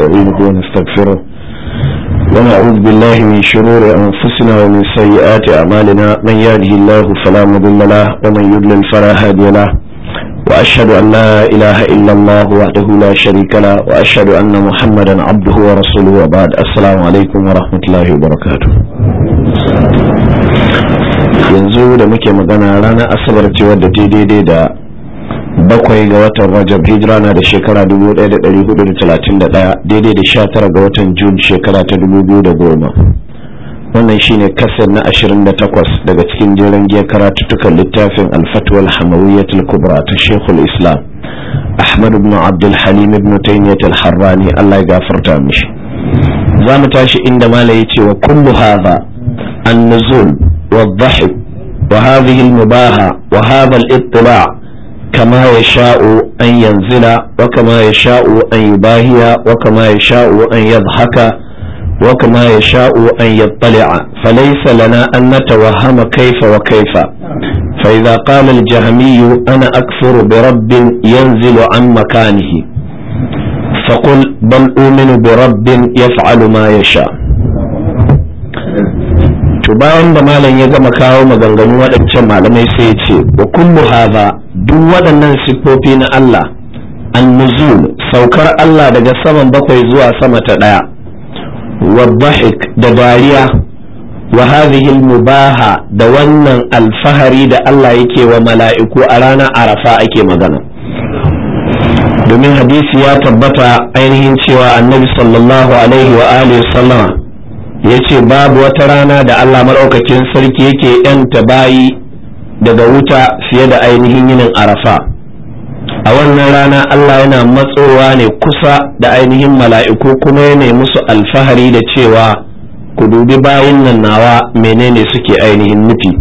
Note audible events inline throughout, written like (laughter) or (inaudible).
ونستعينه ونستغفره ونعوذ بالله من شرور أنفسنا ومن سيئات أعمالنا من يهده الله فلا مضل له ومن يضلل فلا هادي له وأشهد أن لا إله إلا الله وحده لا شريك له وأشهد أن محمدا عبده ورسوله وبعد السلام عليكم ورحمة الله وبركاته yanzu da muke magana ranar asabar ce wadda ta daidai da bakwai ga watan rajab hijira na da shekara 1431 daidai da 19 ga watan jun shekara ta 2010 wannan shine kasar na 28 daga cikin jeren giya karatuttukan littafin alfatwal hamawiyyatul kubra ta shekul islam ahmad ibn abdul halim ibn taymiyyat al-harrani allah ya gafarta mishi za mu tashi inda mala ya ce wa kullu hadha an-nuzul wa dhahik wa hadhihi al-mubaha wa hadha al-ittila' كما يشاء أن ينزل وكما يشاء أن يباهي وكما يشاء أن يضحك وكما يشاء أن يطلع فليس لنا أن نتوهم كيف وكيف فإذا قال الجهمي أنا أكفر برب ينزل عن مكانه فقل بل أؤمن برب يفعل ما يشاء to bayan da malam ya gama kawo maganganu waɗancan malamai sai ya ce wa kullu haza duk waɗannan siffofi na Allah annuzul saukar Allah daga saman bakwai zuwa sama ta ɗaya wa da dariya wa hadhihi mubaha da wannan alfahari da Allah yake wa mala'iku a ranar arafa ake magana domin hadisi ya tabbata ainihin cewa annabi sallallahu alaihi wa alihi sallama ya ce babu wata rana da Allah maɗaukakin sarki yake ‘yanta bayi daga wuta fiye da ainihin yinin arafa a wannan rana Allah yana matsowa ne kusa da ainihin mala'iku kuma yana musu alfahari da cewa ku dubi bayin nan nawa menene suke ainihin nufi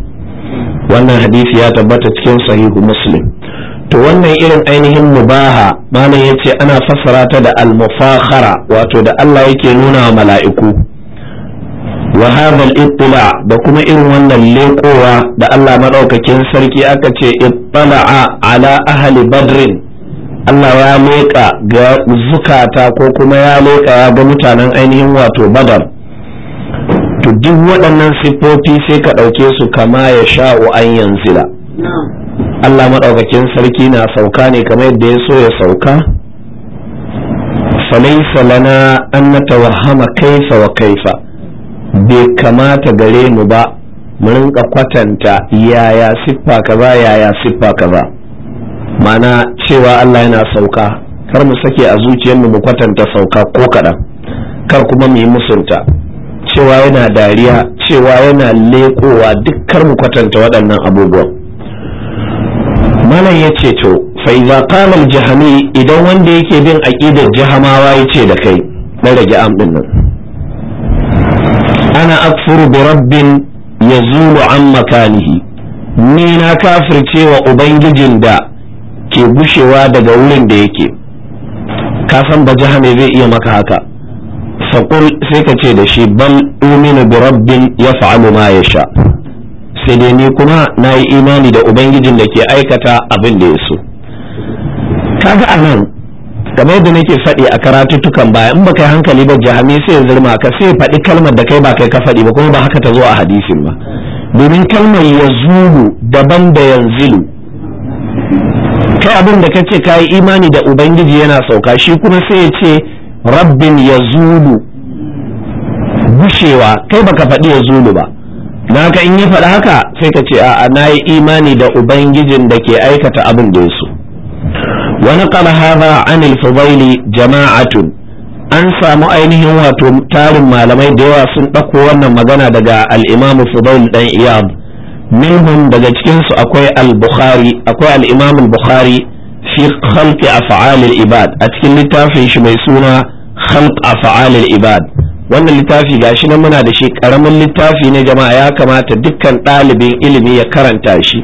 wannan hadisi ya tabbata cikin sahihu muslim to wannan irin ainihin mubaha malam ya ce ana fassara ta da almufakhara wato da Allah yake nuna mala'iku wa hadha ittila da kuma irin wannan lekowa da Allah madaukakin sarki aka ce ittala'a ala ahli badrin Allah ya leka ga zukata ko kuma ya leka ya ga mutanen ainihin wato badar to duk waɗannan siffofi sai ka ɗauke su kama ya sha'u an yanzila Allah madaukakin sarki na sauka ne kamar yadda ya so ya sauka falaisa lana an natawahhama kaifa wa kaifa bai kamata gare mu ba mu rinka kwatanta yaya siffa kaza yaya siffa kaza mana cewa Allah yana sauka kar mu sake a zuciyarmu mu kwatanta sauka ko kaɗan kar kuma mu yi musunta cewa yana dariya cewa yana lekowa duk kar mu kwatanta waɗannan abubuwan malam ya ce to fa iza qala jahami idan wanda yake bin aqidar jahamawa yace da kai na rage am nan ana akfuru bi rabbin yazulu an makanihi ni na kafircewa ubangijin da ke gushewa daga wurin da yake ka san ba jahame zai iya maka haka faƙul sai ka ce da shi bal uminu bi rabbin ya fa'alu ma ya sha sai dai ni kuma nayi imani da ubangijin da ke aikata abin da ya so kaga anan game yadda nake faɗi a karatuttukan baya in baka yi hankali ba jahami sai ya zirma ka sai faɗi kalmar da kai ba kai ka faɗi ba kuma ba haka ta zo a hadisin ba domin kalmar ya zulu daban da yanzilu kai abin da ce ka yi imani da ubangiji yana sauka shi kuma sai ya ce rabbin ya zulu gushewa kai baka faɗi ya zulu ba naka in yi faɗi haka sai ka ce a'a na yi imani da ubangijin da ke aikata abin da ya so ونقل هذا عن الفضيل جماعة an samu ainihin wato tarin malamai da yawa sun ɗauko wannan magana daga al'imamu fudail dan iyab minhum daga cikinsu akwai al-bukhari akwai al a al-bukhari fi khalqi ibad a cikin littafin shi mai suna khalq a al-ibad wannan littafi gashi nan muna da shi karamin littafi ne jama'a ya kamata dukkan ɗalibin ilimi ya karanta shi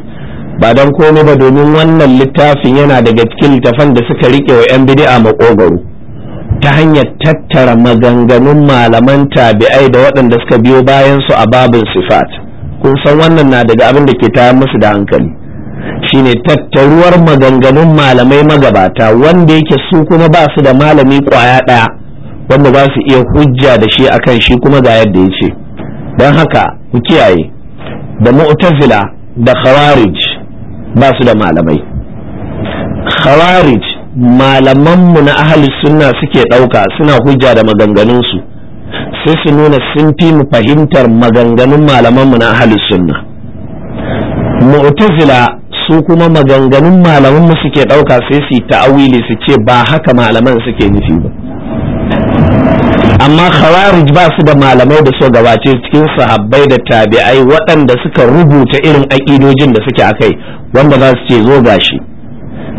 ba don komai ba domin wannan littafin yana daga cikin littafan da suka rike wa 'yan bidi'a makogaro ta hanyar tattara maganganun malaman tabi'ai da waɗanda suka biyo bayan su a babin sifat kun san wannan na daga abin da ke taya musu da hankali shine tattaruwar maganganun malamai magabata wanda yake su kuma ba su da malami kwaya ɗaya wanda ba su iya hujja da shi akan shi kuma ga yadda ya ce don haka ku kiyaye da mu'tazila da khawarij ba su da malamai khawarij malamanmu na ahli sunna suke ɗauka suna hujja da maganganunsu sai su nuna sun fi mu fahimtar maganganun malamanmu na ahli sunna mu'tazila su kuma maganganun malamanmu suke ɗauka sai su yi ta'awili su ce ba haka malaman suke nufi ba amma khawarij ba su da malamai da so gabace cikin sahabbai da tabi'ai waɗanda suka rubuta irin aƙidojin da suke akai wanda za su ce zo gashi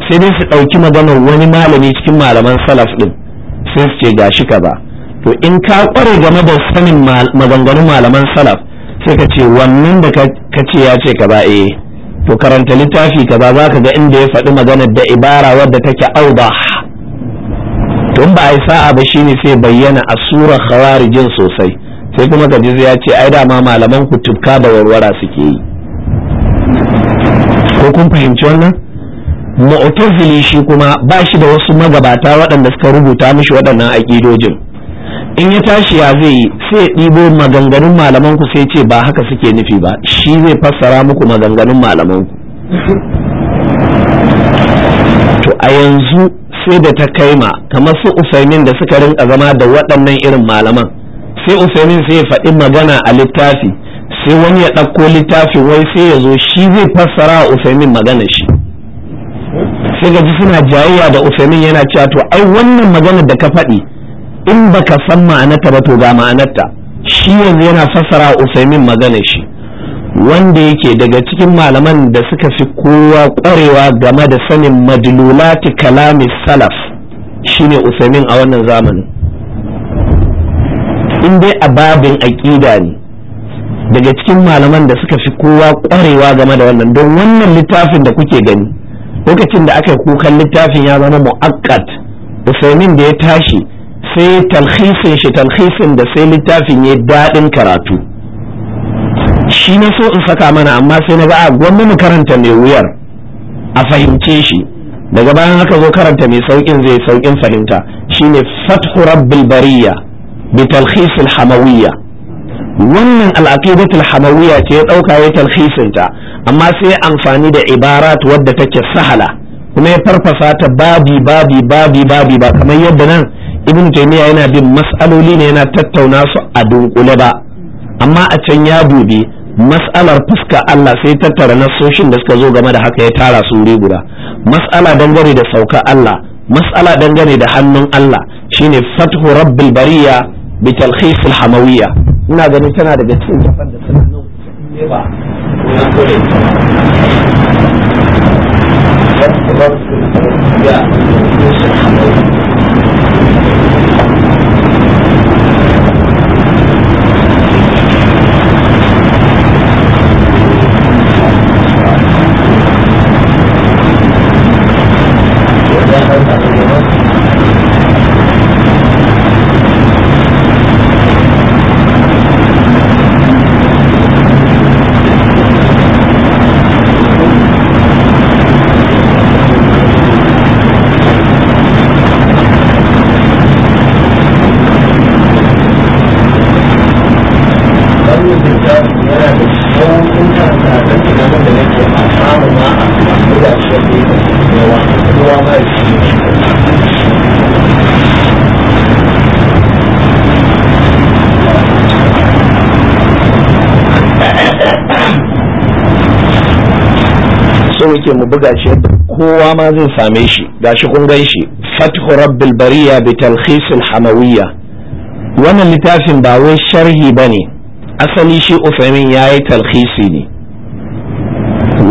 sai dai su ɗauki maganar wani malami cikin malaman salaf ɗin sai su ce gashi kaza to in ka ƙware game da sanin maganganun malaman salaf sai ka ce wannan da ka ce ya ce kaza eh to karanta littafi kaza za ka ga inda ya faɗi maganar da ibara wadda take audah tun ba a yi sa'a ba shine sai bayyana a surar khawarijin sosai sai kuma gajiz ya ce ai dama malaman ku tubka da warwara suke yi ko kun fahimci wannan mu'tazili shi kuma ba shi da wasu magabata waɗanda suka rubuta mishi waɗannan aƙidojin in ya tashi ya zai yi sai ɗibo maganganun malaman ku sai ce ba haka suke nufi ba shi zai fassara muku maganganun malaman ku to a yanzu sai da ta kaima kamar su usaimin da suka rinka zama da waɗannan irin malaman sai usaimin sai ya faɗi magana a littafi sai wani ya ɗauko littafin wai sai ya zo shi zai fassara usaimin magana shi sai ga suna jayayya da usaimin yana cewa to ai wannan magana da ka faɗi in baka san ma'anarta ba to ga ma'anarta shi yanzu yana fassara usaimin magana shi wanda yake daga cikin malaman da suka fi kowa kwarewa game da sanin majlulati kalami salaf shine Usamin a wannan zamanin in dai a babin aƙida ne daga cikin malaman da suka fi kowa ƙwarewa game da wannan don wannan littafin da kuke gani lokacin da aka yi kukan littafin ya zama mu'akkat Usamin da ya tashi sai talhisin shi talhisin da sai littafin ya daɗin karatu shi na so in saka mana amma sai na ga a ah, gwamna mu karanta mai wuyar a fahimce shi daga bayan haka zo karanta mai saukin zai saukin fahimta shine fathu rabbil bariya bi talkhis al hamawiyya wannan al-aqidat al hamawiyya ce ya dauka ya talkhisin ta amma sai amfani da ibarat wadda take sahala kuma ya farfasa ta babi babi babi babi ba kamar yadda nan ibn taymiya yana bin mas'aloli ne yana tattauna su a dunkule ba amma a can ya dubi mas'alar fuska Allah sai tattara nasoshin da suka zo game da haka ya tara su wuri guda mas'ala dangane da sauka Allah mas'ala dangane da hannun Allah shine fathu rabbil bariya bi talkhis al hamawiyya ina ganin tana daga cikin kafan da suna nan ba buga shi kowa ma zai same shi gashi kun gan shi fathu rabbil bariya bi talkhisil hamawiyya wannan littafin ba wai sharhi bane asali shi Uthaymin yayi talkhisi ne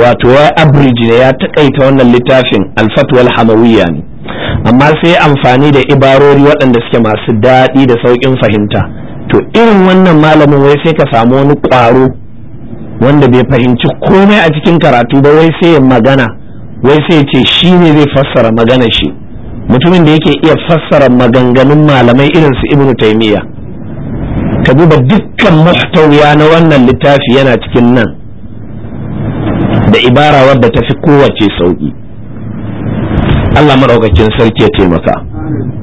wato ya abridge ne ya takaita wannan littafin al-fatwa al-hamawiyya ne amma sai amfani da ibarori waɗanda suke masu daɗi da sauƙin fahimta to irin wannan malamin wai sai ka samu wani ƙwaro wanda bai fahimci komai a cikin karatu ba wai sai magana wai sai ce shi ne zai fassara magana shi mutumin da yake iya fassara maganganun malamai irin su ibnu taymiya ka duba dukkan muhtawiya na wannan littafi yana cikin nan da ibara wadda ta fi kowace sauki Allah maɗaukacin sarki ya taimaka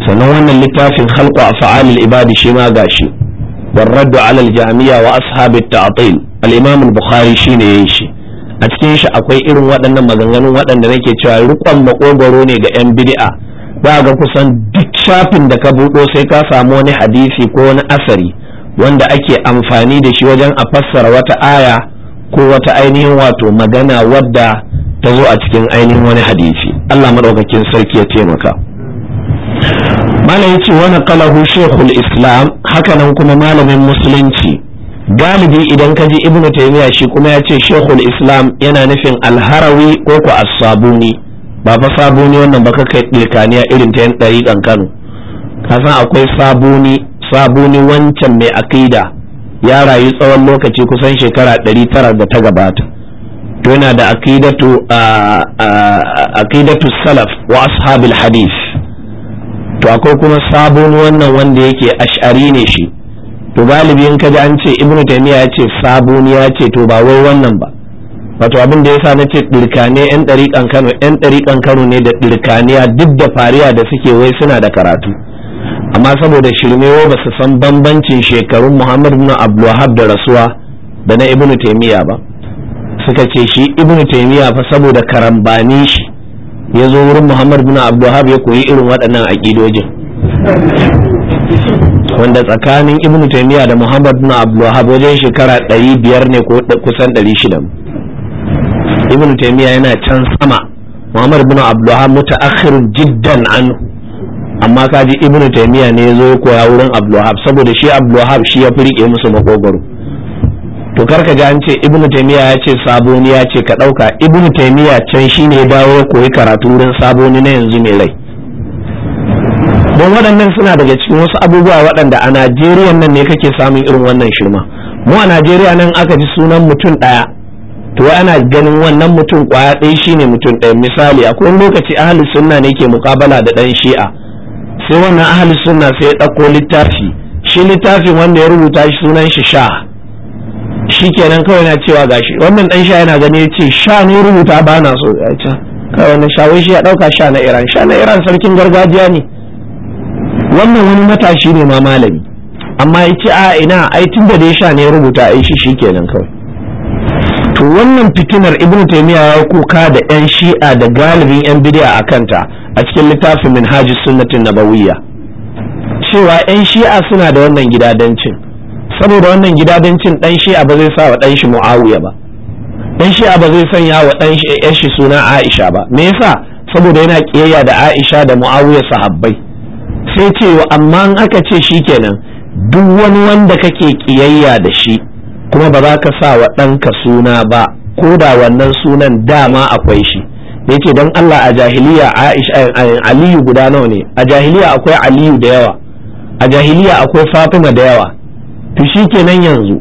sannan wannan littafin a af'alil ibadi shi ma gashi jami'a wa الجامية وأصحاب التعطيل al-imam al-bukhari shine yayi shi a cikin shi akwai irin waɗannan maganganun waɗanda nake cewa rukon makogoro ne ga yan bid'a ba ga kusan duk shafin da ka buɗo sai ka samu wani hadisi ko wani asari wanda ake amfani da shi wajen a fassara wata aya ko wata ainihin wato magana wadda ta zo a cikin ainihin wani hadisi Allah maɗaukakin sarki ya taimaka malam ya wani kalahu shekul islam hakanan kuma malamin musulunci galibi idan ka ji ibnu taymiya shi kuma ya ce shekul islam yana nufin alharawi ko ku as-sabuni ba fa sabuni wannan ba kai dilkaniya irin ta yan ɗariƙan kano ka san akwai sabuni sabuni wancan mai akida ya rayu tsawon lokaci kusan shekara ɗari tara da ta gabata to yana da aqidatu aqidatu salaf wa ashabil hadith to akwai kuma sabuni wannan wanda yake ash'ari ne shi to galibi in kaji an ce ibn taymiya ya ce sabuni ya ce to ba wai wannan ba wato abin da yasa na ce dirkane yan dariƙan Kano yan dariƙan Kano ne da dirkaniya duk da fariya da suke wai suna da karatu amma saboda shirmewa ba su san bambancin shekarun Muhammad ibn Abdul da rasuwa da na ibn taymiya ba suka ce shi ibn taymiya fa saboda karambani shi ya zo wurin Muhammad ibn Abdul ya koyi irin waɗannan aƙidojin wanda tsakanin ibnu taymiya da muhammad bin abdulwahab wajen shekara 500 ne ko kusan 600 ibnu taymiya yana can sama muhammad bin abdulwahab mutaakhir jiddan an amma kaji ibnu taymiya ne yazo koya wurin abdulwahab saboda shi abdulwahab shi ya fi musu makogaro to karka ga an ce ibnu taymiya ya ce saboni ya ce ka dauka ibnu taymiya can shine ya dawo ya koyi karatu wurin saboni na yanzu mai rai don waɗannan suna daga cikin wasu abubuwa waɗanda a najeriya nan ne kake samun irin wannan shirma mu a najeriya nan aka ji sunan mutum ɗaya to ana ganin wannan mutum ƙwaya ɗaya shine mutum ɗaya misali akwai lokaci ahalus sunna ne ke mukabala da ɗan shi'a sai wannan ahalus sunna sai ya ɗauko littafi shi littafin wanda ya rubuta shi sunan shi sha shi kenan kawai na cewa gashi wannan ɗan sha yana gani ya ce sha ne rubuta ba na so ya ce kawai wannan sha wai shi ya ɗauka sha na iran sha na iran sarkin gargajiya ne wannan wani matashi ne ma malami amma ya ce a ina ai tun da ya sha ne rubuta ai shi shikenan kawai to wannan fitinar Ibn taymiya ya kuka da yan shi'a da galibin yan bidiya a kanta a cikin littafin minhajus sunnatin nabawiyya cewa yan shi'a suna da wannan gidadancin saboda wannan gidadancin dan shi'a ba zai sa wa dan shi muawiya ba dan shi'a ba zai sanya wa dan shi suna aisha ba me yasa saboda yana kiyayya da aisha da muawiya sahabbai sai ce wa amma in aka ce shi kenan duk wani wanda kake kiyayya da shi kuma ba za ka sa wa ɗanka suna ba ko da wannan sunan dama akwai shi da yake don Allah a jahiliya eh, eh, aliyu guda nawa ne a jahiliya akwai aliyu da yawa a jahiliya akwai fatima da yawa to shi kenan yanzu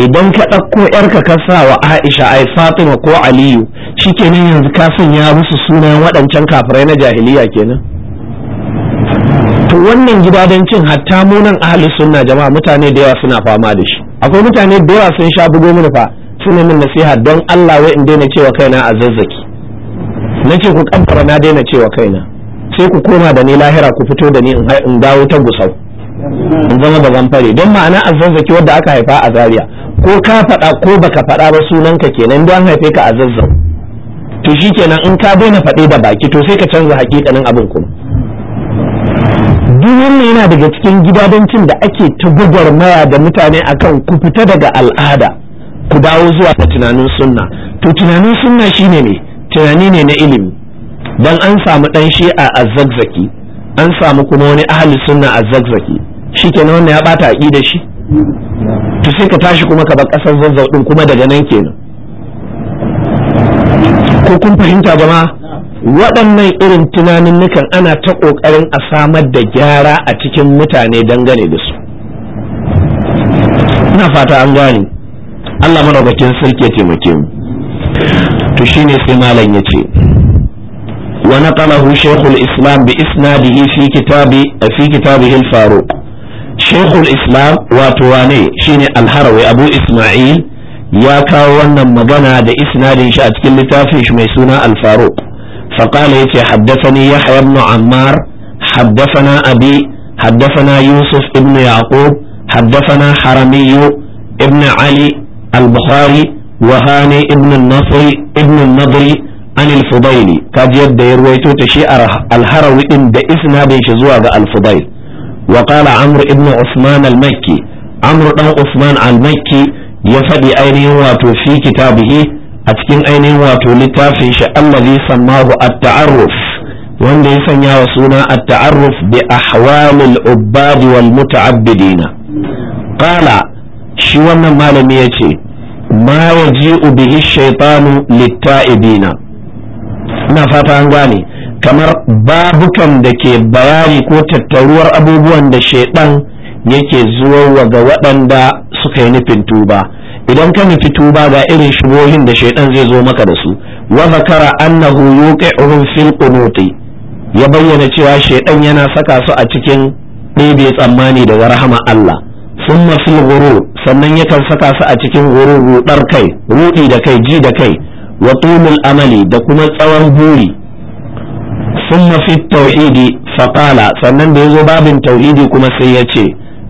idan ka ɗauko yarka ka sa wa aisha ai fatima ko aliyu shi kenan yanzu ka sanya musu sunan waɗancan kafirai na jahiliya kenan to wannan gida don cin hatta munan ahli sunna jama'a mutane da yawa suna fama da shi akwai mutane da yawa sun sha bugo mini fa suna min nasiha don Allah wai in daina cewa kaina a zazzaki nace ku kabbara na daina cewa kaina sai ku koma da ni lahira ku fito da ni in dawo ta gusau in zama da zamfare don ma'ana a zazzaki wadda aka haifa a zaria ko ka faɗa ko baka faɗa ba sunanka kenan don haife ka a zazzau to shikenan in ka daina faɗe da baki to sai ka canza hakikanin abin kuma duk wannan yana daga cikin gidadancin da ake ta maya da mutane akan ku fita daga al'ada ku dawo zuwa ga tunanin sunna to tunanin sunna shine ne tunani ne na ilimi dan an samu ɗan shi'a a zagzaki an samu kuma wani ahli sunna a zagzaki kenan wannan ya bata da shi to sai ka tashi kuma ka bar ƙasar zazzau din kuma daga nan kenan ko kun fahimta ba ma waɗannan irin tunanin nukan ana ta ƙoƙarin a samar da gyara a cikin mutane dangane da su ina fata an gane Allah madaukakin sarki ya taimake mu to shine sai malam ya ce wa naqalahu shaykhul islam bi isnadihi fi kitabi fi kitabihi al-faruq shaykhul islam wato wane shine al-harawi abu isma'il ya kawo wannan magana da isnadin shi a cikin littafin shi mai suna al فقال يتي حدثني يحيى بن عمار حدثنا أبي حدثنا يوسف ابن يعقوب حدثنا حرمي ابن علي البخاري وهاني ابن النصر ابن النضري عن الفضيل قد يد يرويتو تشيء الهروي إن دا إسناد شزوى الفضيل وقال عمرو ابن عثمان المكي عمرو بن عثمان المكي يفدي أين واتو في كتابه a cikin ainihin wato littafin shi allazi sammahu at-ta'arruf wanda ya sanya wa suna at-ta'arruf bi ahwalil ubbad wal muta'abbidina qala shi wannan malami yace ma yaji'u bihi shaytanu lit ina fata an gane kamar babukan da ke bayani ko tattaruwar abubuwan da shaidan yake zuwa ga waɗanda suka yi nufin tuba idan ka nufi tuba ga irin shigohin da shaidan zai zo maka da su wa zakara annahu yuqi'uhum fil qunuti ya bayyana cewa shaidan yana saka su a cikin ɗebe tsammani da rahama Allah sun fil ghurur sannan yakan saka su a cikin ghurur rudar kai rudi da kai ji da kai wa tulul amali da kuma tsawon buri summa fi tauhidi faqala sannan da ya zo babin tauhidi kuma sai ya ce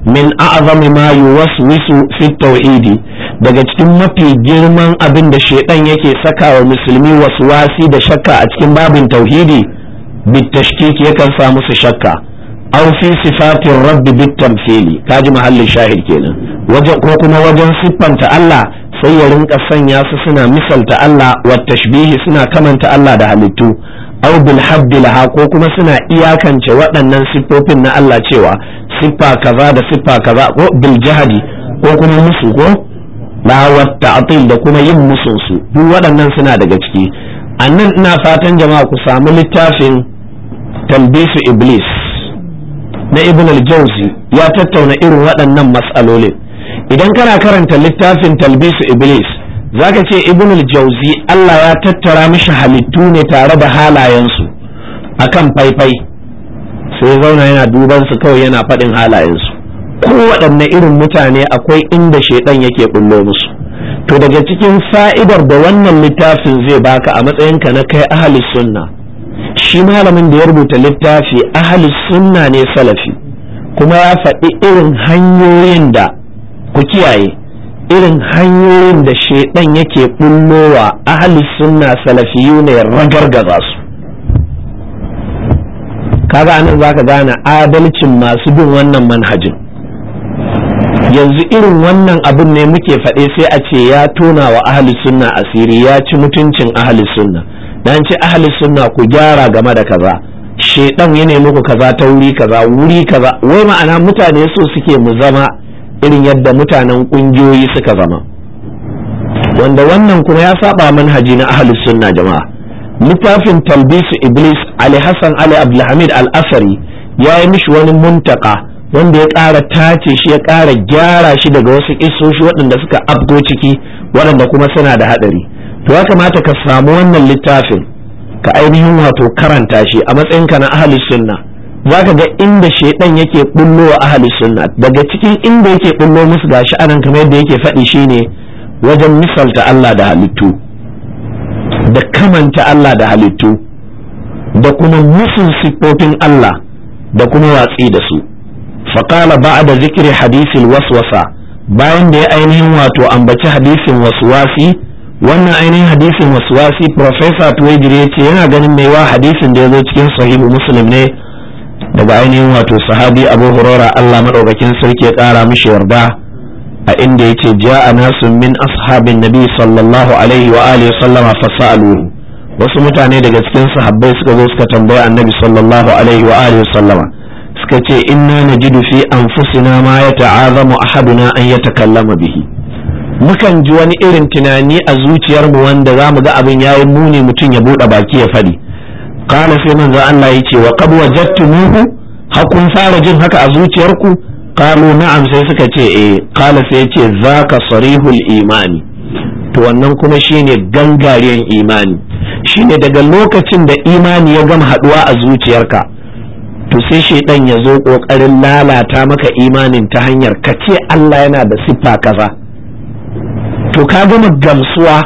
min a'zami ma yuwaswisu fi tauhidi daga cikin mafi girman abin da shaidan yake saka wa musulmi wasi da shakka a cikin babin tauhidi bitashkik yakan sa musu shakka aw fi sifatir rabbi bit Ka kaji mahallin shahid kenan wajen ko kuma wajen siffanta Allah sai ya rinka sanya su suna misalta Allah wa tashbihi suna kamanta Allah da halittu aw bil habdi laha ko kuma suna iyakance waɗannan siffofin na Allah cewa siffa kaza da siffa kaza ko bil jahadi ko kuma musu ko la wa ta'til da kuma yin musun su duk waɗannan suna daga ciki annan ina fatan jama'a ku samu littafin talbisu iblis na ibn al-jawzi ya tattauna irin waɗannan matsalolin idan kana karanta littafin talbisu iblis zaka ce ibn al-jawzi Allah ya tattara mishi halittu ne tare da halayensu akan faifai sai zauna yana duban su kawai yana faɗin halayensu ko waɗanne irin mutane akwai inda shedan yake bullo musu to daga cikin fa'idar da wannan littafin zai baka a matsayinka na kai ahli sunna shi malamin da ya rubuta littafi ahli sunna ne salafi kuma ya faɗi irin hanyoyin da ku kiyaye irin hanyoyin da shaidan yake bullowa ahalus sunna salafiyu ne ragargaza su kaga anan zaka gane adalcin masu bin wannan manhajin yanzu irin wannan abin ne muke faɗe sai a ce ya tona wa ahalus sunna asiri ya ci mutuncin ahlisunna? sunna dan ce ahli sunna ku gyara game da kaza shedan ya nemi ku kaza ta wuri kaza wuri kaza wai ma'ana mutane so suke mu zama irin yadda mutanen kungiyoyi suka zama wanda wannan kuma ya saba manhaji na ahli sunna jama'a littafin talbisu iblis ali hassan ali abdulhamid al-asari ya yi mishi wani muntaka wanda ya ƙara tace shi ya ƙara gyara shi daga wasu isoshi waɗanda suka abgo ciki waɗanda kuma suna da haɗari to ya kamata ka samu wannan littafin ka ainihin wato karanta shi a matsayinka na ahli sunna zaka ga inda shaidan yake bullo wa ahli sunna daga cikin inda yake bullo musu gashi anan kamar yadda yake faɗi shine wajen misalta Allah da halittu da kamanta Allah da halittu da kuma musun siffofin Allah da kuma watsi da su faqala ba'da zikri hadisi waswasa bayan da ya ainihin wato ambaci hadisin waswasi wannan ainihin hadisin waswasi profesa tuwejiri ya ce yana ganin mai wa hadisin da ya zo cikin sahihu muslim ne daga ainihin wato sahabi abu hurora allah maɗaukakin sarki ya ƙara mishi yarda a inda ya ce a nasun min ashabin nabi sallallahu alaihi wa alihi sallama fasa'aluhu wasu mutane daga cikin sahabbai suka zo suka tambayi annabi sallallahu alaihi wa alihi sallama suka ce inna najidu fi anfusina ma yata'azamu ahaduna an kallama bihi mukan ji wani irin tunani a zuciyarmu wanda za mu ga abin yayi muni mutum ya buɗe baki ya faɗi kana sai za Allah ya ce wa qad wajadtumuhu ha kun fara jin haka a zuciyarku qalu na'am sai suka ce eh kana sai ya zaka sarihul imani to wannan kuma shine gangaren imani shine daga lokacin da imani ya gama haduwa a zuciyarka to sai shaidan ya zo kokarin lalata maka imanin ta hanyar kace Allah yana da siffa kaza to ka gama gamsuwa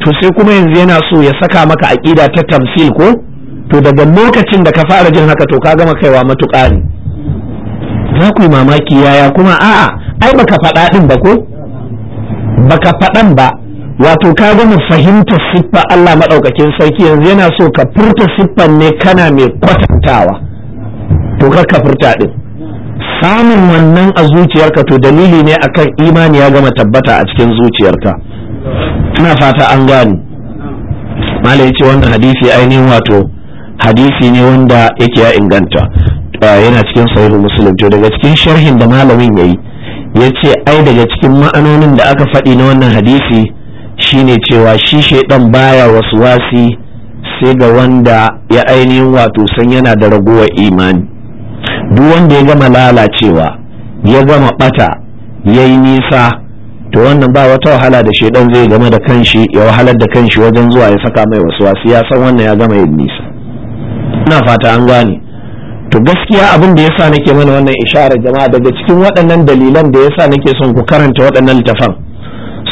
to sai kuma yanzu yana so ya saka maka aƙida ta tamsil ko to daga lokacin da ka fara jin haka to ka gama kaiwa matuƙa ne za ku yi mamaki yaya kuma a'a ai baka faɗa ɗin ba ko baka faɗan ba wato ka gama fahimta siffa Allah maɗaukakin sarki yanzu yana so ka furta siffan ne kana mai kwatantawa to kar ka furta ɗin samun wannan a zuciyarka to dalili ne akan imani ya gama tabbata a cikin zuciyarka ina fata an gani mala ya ce wannan hadisi ainihin wato hadisi ne wanda yake ya inganta ah, yana cikin sahihu muslim to daga cikin sharhin da malamin yayi ya ce ai daga cikin ma'anonin da aka faɗi na wannan hadisi shine cewa shi shaidan baya wasu wasi sai ga wanda ya ainihin wato san yana da raguwar imani duk wanda ya gama lalacewa ya gama bata ya yi nisa to wannan ba wata wahala da shaidan zai game da kanshi ya wahalar da kanshi wajen zuwa ya saka mai wasu wasu ya san wannan ya gama yin nisa ina fata an gane to gaskiya abin da yasa nake mana wannan isharar jama'a daga cikin waɗannan dalilan da yasa nake son ku karanta waɗannan littafan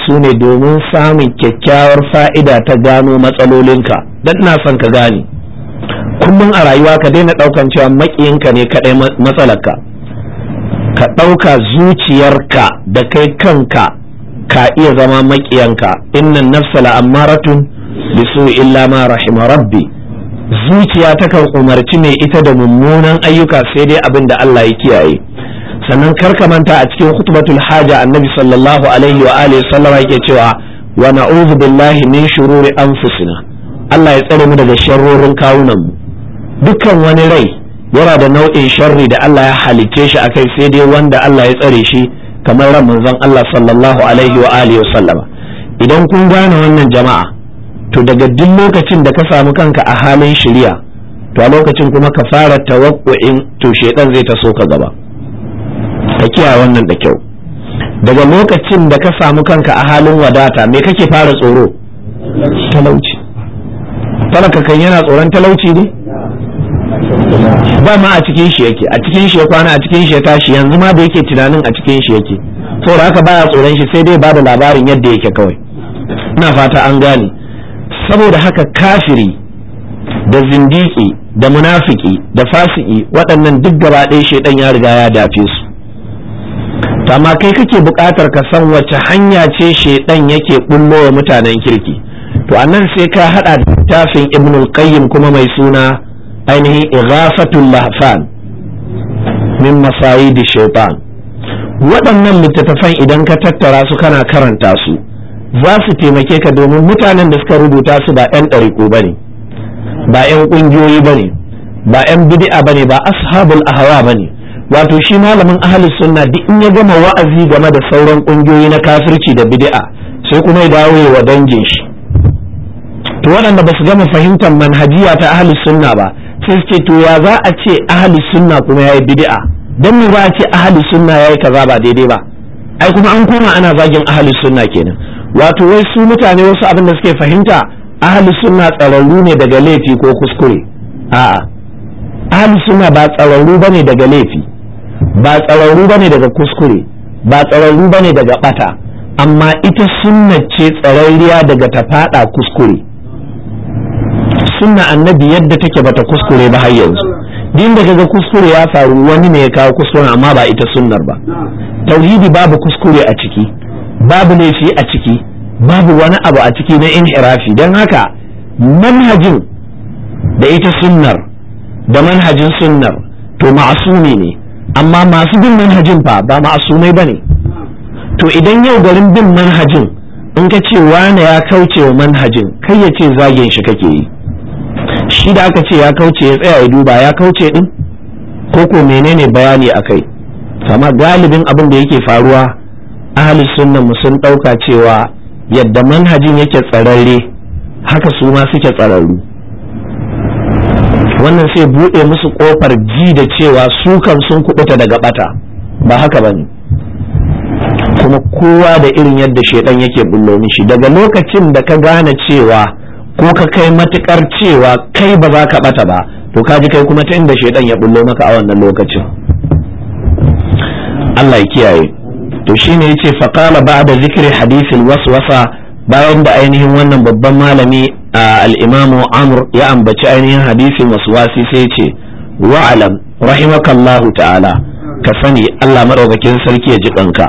su ne domin samun kyakkyawar fa'ida ta gano matsalolinka dan ina son ka gane kullum a rayuwa ka daina ɗaukan cewa makiyinka ne kaɗai matsalarka ka ɗauka zuciyarka da kai kanka ka iya zama maƙiyanka innan nafsa ratun, bisu illa ma rahima rabbi zuciya takan umarci ne ita da mummunan ayyuka sai dai abin da Allah ya kiyaye sannan karka manta a cikin khutbatul haja annabi sallallahu alaihi wa alihi sallama yake cewa wa na'udhu billahi min shururi anfusina Allah ya tsare mu daga sharrorin kawunan mu dukkan wani rai yana da nau'in sharri da Allah ya halicce shi akai sai dai wanda Allah ya tsare shi kamar ran manzon Allah sallallahu alaihi wa alihi wasallama idan kun gane wannan jama'a to daga duk lokacin da ka samu kanka a halin shari'a to a lokacin kuma ka fara tawakkuin to shedan zai taso ka gaba ka kiyaye wannan da kyau daga lokacin da ka samu kanka a halin wadata me kake fara tsoro talauci talaka kan yana tsoron talauci ne ba ma a cikin shi yake a cikin shi ya kwana a cikin shi ya tashi yanzu ma da yake tunanin a cikin shi yake saboda haka baya tsoron shi sai dai bada labarin yadda yake kawai ina fata an gane saboda haka kafiri da zindiki da munafiki da fasiki waɗannan duk gaba ɗaya shaidan ya riga ya dafe su amma kai kake buƙatar ka san wace hanya ce shaidan yake bullowa wa mutanen kirki to anan sai ka hada da littafin ibn al-qayyim kuma mai suna ainihin ighafatul lahfan min masayidi shaytan waɗannan littattafan idan ka tattara su kana karanta su za su taimake ka domin mutanen da suka rubuta su ba 'yan ɗariƙo ba ne ba 'yan ƙungiyoyi ba ne ba 'yan bid'a ba ne ba ashabul ahwa ba ne wato shi malamin ahlus sunna duk in ya gama wa'azi game da sauran ƙungiyoyi na kafirci da bid'a sai kuma ya dawo wa dangin shi to waɗanda ba su gama fahimtar manhajiya ta ahli sunna ba sai suke to ya za a ce ahli sunna kuma yayi bid'a dan me ba a ce ahli sunna yayi kaza ba daidai ba ai kuma an koma ana zagin ahli sunna kenan wato wai su mutane wasu abin da suke fahimta ahli sunna tsararru ne daga laifi ko kuskure a'a ahli sunna ba tsararru bane daga laifi ba tsararru bane daga kuskure ba tsararru bane daga bata amma ita sunna ce tsararriya daga tafada kuskure sunna annabi yadda take bata kuskure ba har yanzu din da kaga kuskure ya faru wani ne ya kawo kuskure amma ba ita sunnar ba tauhidi babu kuskure a ciki babu laifi a ciki babu wani abu a ciki na inhirafi dan haka manhajin da ita sunnar da manhajin sunnar to ma'asumi ne amma masu bin manhajin fa ba ma'asumai bane to idan yau garin bin manhajin in ka ce wane ya kauce wa manhajin kai ya ce zagin shi kake yi shi da aka ce ya kauce ya tsaya ya duba ya kauce din ko ko menene bayani kai? amma galibin abin da yake faruwa ahli sunna mu sun dauka cewa yadda manhajin yake tsararre haka su ma suke tsararru wannan sai buɗe musu kofar ji da cewa su kan sun kubuta daga bata ba haka bane kuma kowa da irin yadda shedan yake bullo mishi daga lokacin da ka gane cewa ko ka kai matukar cewa kai ba za ka bata ba to ka ji kai kuma ta inda shaidan ya bullo maka a wannan lokacin Allah ya kiyaye to shine yace da ba'da zikri hadithil waswasa bayan da ainihin wannan babban malami a imam Amr ya ambaci ainihin hadisin waswasi sai yace wa'alam rahimakallahu ta'ala ka sani Allah madaukakin sarki ya ji kanka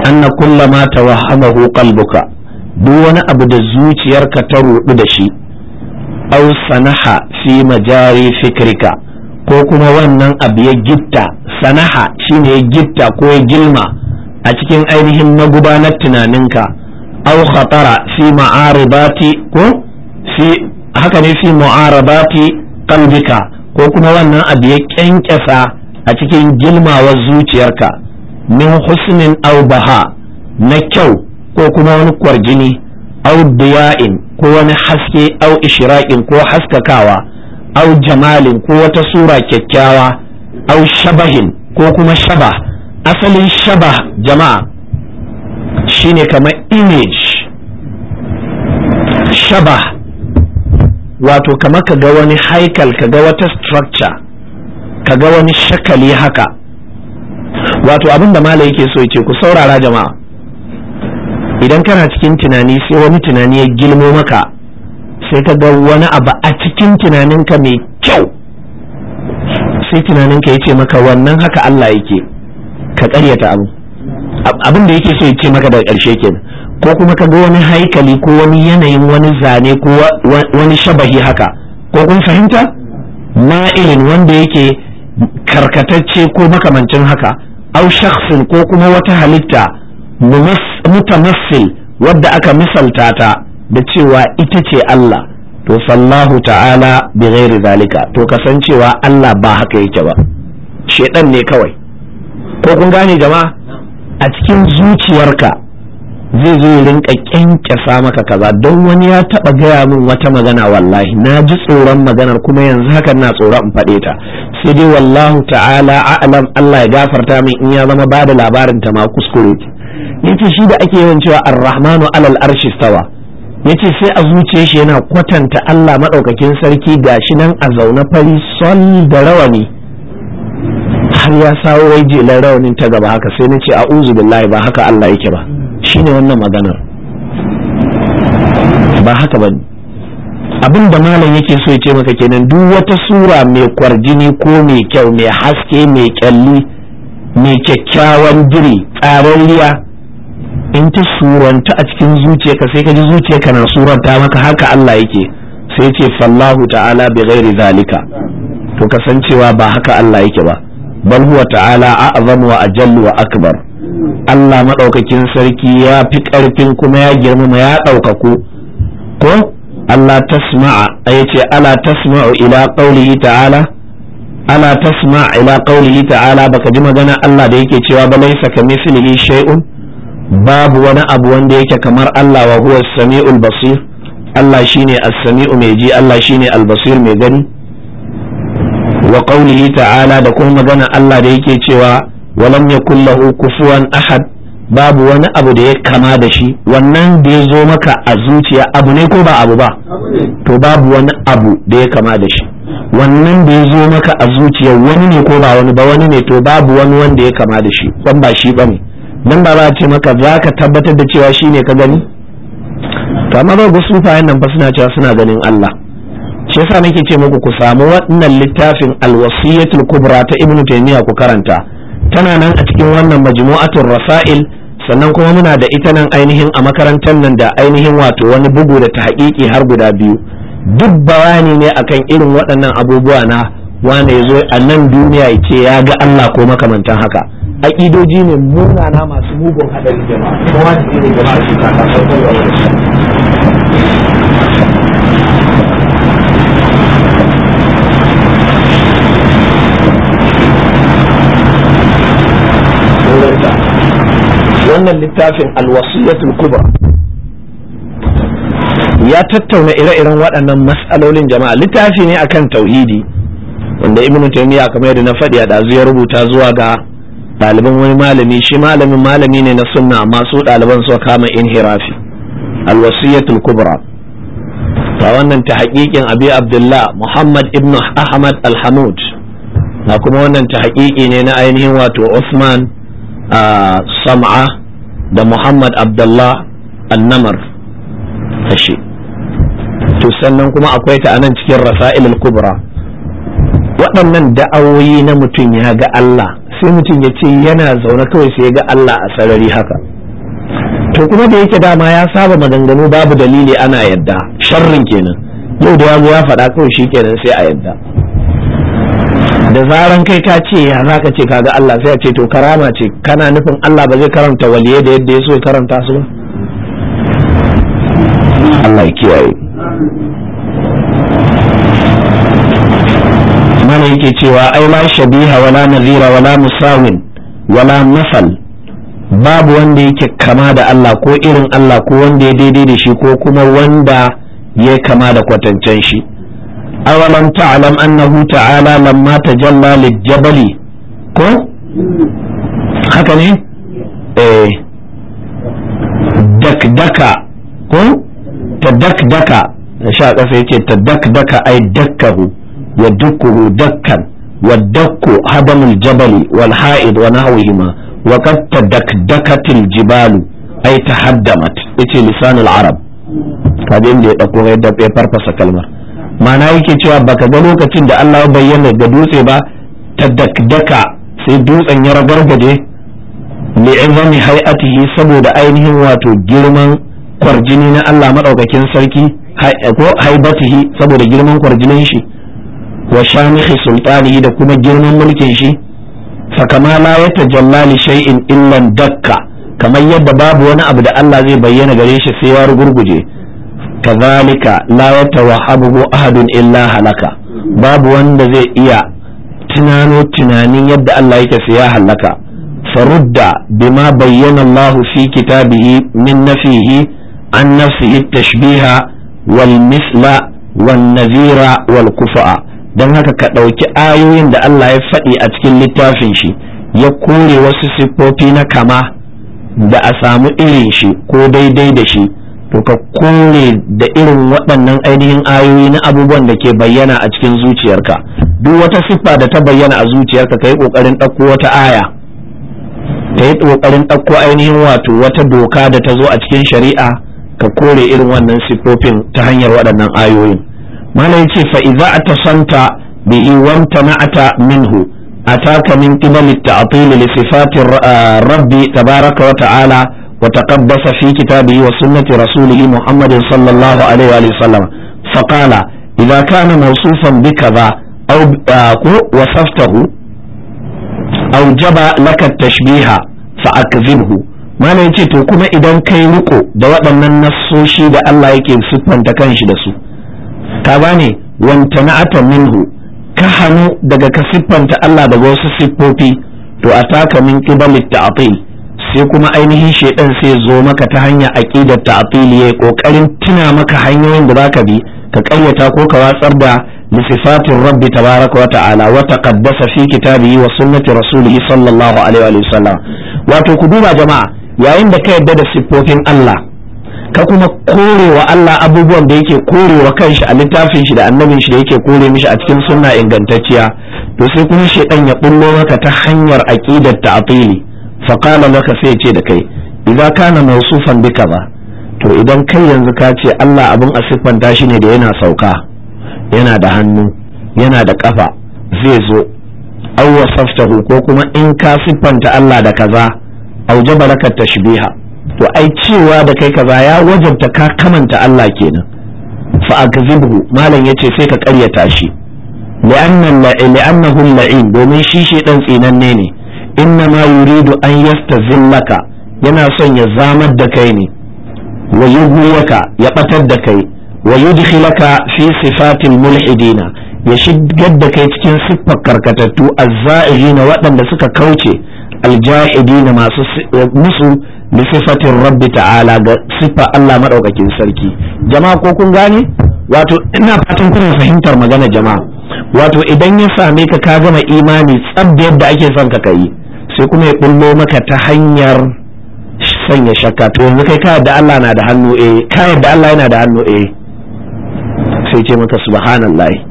anna kullama tawahhamahu qalbuka duk wani abu da zuciyarka ta rudu da shi au sanaha fi majari fikrika ko kuma wannan abu ya gitta sanaha shine ya gitta ko ya gilma a cikin ainihin magubanar tunaninka au khatara fi ma'aribati ko fi haka ne fi mu'arabati qalbika ko kuma wannan abu ya kyankyasa a cikin gilmawar zuciyarka min husnin au baha na kyau ko kuma wani kwarjini au diya'in ko wani haske au ishira'in ko haskakawa au jamalin ko wata sura kyakkyawa au shabahin ko kuma shaba asalin shaba jama'a shine kamar image shaba wato kamar ka ga wani haikal ka ga wata structure ka ga wani shakali haka wato abinda da yake so ce ku saurara jama'a idan kana cikin tunani sai wani tunani ya gilmo maka sai ka ga wani abu a cikin tunaninka mai kyau sai tunaninka ya ce maka wannan haka Allah yake ka karyata abu abin da yake so ya ce maka daga ƙarshe ke ko kuma ka ga wani haikali ko wani yanayin wani zane ko wani shabahi haka ko kun fahimta na irin wanda yake karkatacce ko makamancin haka au shakhsin ko kuma wata halitta mutamassil wadda aka misalta ta da cewa ita ce Allah to sallahu ta'ala bi ghairi zalika to kasancewa Allah ba haka yake ba shedan ne kawai ko kun gane jama'a a cikin zuciyarka zai zo rinka kyankyasa maka kaza don wani ya taba gaya min wata magana wallahi na ji tsoron maganar kuma yanzu haka na tsoro in faɗe ta sai dai wallahu ta'ala a'lam Allah ya gafarta min in ya zama bada labarin ta ma kuskure yace shi da ake yawan cewa ar-rahmanu alal arshi stawa yace sai a zuciye shi yana kwatanta Allah madaukakin sarki gashi nan a zaune fari sol da rawani har ya sawo wai jelan rawanin ta gaba haka sai nace a'udhu billahi ba haka Allah yake ba shine wannan maganar ba haka ba abin da malam yake so ya ce maka kenan duk wata sura mai kwarjini ko mai kyau mai haske mai kyalli mai kyakkyawan biri ruwa in ta suranta a cikin zuciyarka sai ka ji zuciyarka na suranta maka haka Allah yake sai ce fallahu ta'ala bai ghairi zalika to kasancewa ba haka Allah yake ba bal huwa ta'ala a'zamu wa ajallu wa akbar Allah maɗaukakin sarki ya fi karfin kuma ya girmama ya ɗaukaku ko Allah tasma'a yace ala tasma'u ila qaulihi ta'ala ala tasma ila qaulihi ta'ala baka ji magana Allah da yake cewa ba laysa kamithlihi shay'un babu wani abu wanda yake kamar Allah wa huwa samiul basir Allah shine as-sami'u mai ji Allah shine al-basir mai gani wa qaulihi ta'ala da kuma magana Allah da yake cewa walam yakul lahu kufuwan ahad babu wani abu da ya kama da shi wannan da ya zo maka a zuciya abu ne ko ba abu ba to babu wani abu da ya kama da shi wannan da ya zo maka a zuciya wani ne ko ba wani ba wani ne to babu wani wanda ya kama da shi ban ba shi bane nan ba za a ce maka za ka tabbatar da cewa shi ne ka gani to amma ba ga sufayen nan ba suna cewa suna ganin Allah shi yasa nake ce muku ku samu wannan littafin alwasiyatul kubra ta ibnu taymiya ku karanta tana nan a cikin wannan majmu'atul rasail sannan kuma muna da ita nan ainihin a makarantar nan da ainihin wato wani bugu da tahqiqi har guda biyu duk bayani ne akan irin waɗannan abubuwa na wane ya zo a nan duniya ya ce ya ga Allah ko makamantan haka ƙidoji ne munana masu mugun haɗari jama'a Kuma da irin jama'a su kaka wannan littafin alwasiyatul kubra ya tattauna ire-iren waɗannan matsalolin jama'a littafi ne akan tauhidi wanda ibnu taymiya kamar yadda na faɗi a ɗazu ya rubuta zuwa ga ɗaliban wani malami shi malamin malami ne na sunna masu ɗaliban suka kama inhirafi alwasiyatul kubra ta wannan ta haƙiƙin abi abdullah muhammad ibn ahmad alhamud na kuma wannan ta haƙiƙi ne na ainihin wato usman sam'a da muhammad abdullah annamar to sannan kuma akwai ta anan cikin al kubra waɗannan da'awoyi na mutum ya ga Allah sai mutum ya ce yana zaune kawai sai ya ga Allah a sarari haka to kuma da yake dama ya saba maganganu babu dalili ana yadda sharrin kenan yau da yazo ya faɗa kawai shi kenan sai a yadda da zaran kai ka ce ya za ka ga Allah sai a ce to karama ce kana nufin Allah ba zai karanta waliye da yadda ya so karanta su ba Allah ya kiyaye mana yake cewa ai la shabiha wala nazira wala musawin wala masal babu wanda yake kama da Allah ko irin Allah ko wanda ya daidai da shi ko kuma wanda ya kama da kwatancen shi awalan ta'lam annahu ta'ala lamma tajalla lijabali ko haka ne eh dakdaka ko ta dakdaka daka sha ƙasa yake ce ta daka ai dakkahu wa dukkuhu dakkan wa dakku hadamul jabali wal ha'id wa nahwihima wa qad tadakdakatil jibalu ai tahaddamat yace lisanul arab kaje inda ya dauko yadda ya farfasa kalmar ma'ana yake cewa baka ga lokacin da Allah ya bayyana ga dutse ba tadakdaka sai dutsen ya ragargaje li'izami hay'atihi saboda ainihin wato girman kwarjini na Allah madaukakin sarki ko haibatihi saboda girman kwarjinin shi wa shamihi sultani da kuma girman mulkin shi fa kama la in illan shay'in illa dakka kamar yadda babu wani abu da Allah zai bayyana gare shi sai ya rugurguje kazalika la yatawahhabu ahadun illa halaka babu wanda zai iya tunano tunanin yadda Allah yake sai ya halaka farudda bima bayyana Allah fi kitabihi min nafihi an nafsi tashbiha wal misla wan nazira wal kufa'a don haka ka ɗauki ayoyin da Allah ya faɗi a cikin littafin shi ya kore wasu siffofi na kama da a samu irin shi ko daidai da shi to ka kore da irin waɗannan ainihin ayoyi na abubuwan da ke bayyana a cikin zuciyarka duk wata siffa da ta bayyana a zuciyarka ka yi ƙoƙarin ɗauko wata aya ka yi ƙoƙarin ɗauko ainihin wato wata doka da ta zo a cikin shari'a ka kore irin wannan siffofin ta hanyar waɗannan ayoyin malam yace fa idza santa bi iwamta na'ata minhu a min qibal at-ta'til li sifati ah, rabbi tabaraka wa ta'ala wa taqaddasa fi kitabihi wa sunnati rasulihi muhammadin sallallahu alaihi wa sallam fa idza kana mawsufan bi kaza aw ah, wasaftahu أوجب لك التشبيه فأكذبه malam ya ce to kuma idan kai riko da waɗannan nassoshi da Allah yake siffanta kanshi da su ka bane wanta na'ata minhu ka hannu daga ka siffanta Allah daga wasu siffofi to taka min qibalit ta'til sai kuma ainihin shedan sai zo maka ta hanya aqidat ta'til yayi kokarin tuna maka hanyoyin da zaka bi ka ƙayyata ko ka watsar da lisifatin rabbi tabaraka wa ta'ala wa taqaddasa fi kitabihi wa sunnati rasulih sallallahu alaihi wa sallam wato ku duba jama'a yayin da ka yarda da siffofin Allah ka kuma korewa Allah abubuwan da yake korewa kanshi a littafin shi da annabin shi da yake kore mishi a cikin sunna ingantacciya to sai kuma shedan ya bullo maka ta hanyar aqidat ta'tili fa qala maka sai ce da kai idan kana mawsufan bika ba to idan kai yanzu ka ce Allah abin a siffanta shi ne da yana sauka yana da hannu yana da kafa zai zo awwa saftahu ko kuma in ka siffanta Allah da kaza aujaba laka tashbiha to ai cewa da kai kaza ya ta ka kamanta Allah kenan fa akzibhu malam ce sai ka karya karyata shi li'annahu la'in domin shi ɗan tsinanne ne inna ma yuridu an yastazillaka yana son ya zamar da kai ne wa yughwiyaka ya batar da kai wa yudkhilaka fi sifatil mulhidina ya shigar da kai cikin siffar karkatattu azza'irina waɗanda suka kauce aljahidina masu musu da sifatin rabbi ta'ala ga siffa Allah maɗaukakin sarki jama'a ko kun gane wato ina fatan kuna fahimtar magana jama'a wato idan ya same ka ka gama imani tsab yadda ake son ka kai sai kuma ya bullo maka ta hanyar sanya shakka to yanzu kai ka yadda Allah na da hannu eh ka da Allah yana da hannu eh sai ce maka subhanallahi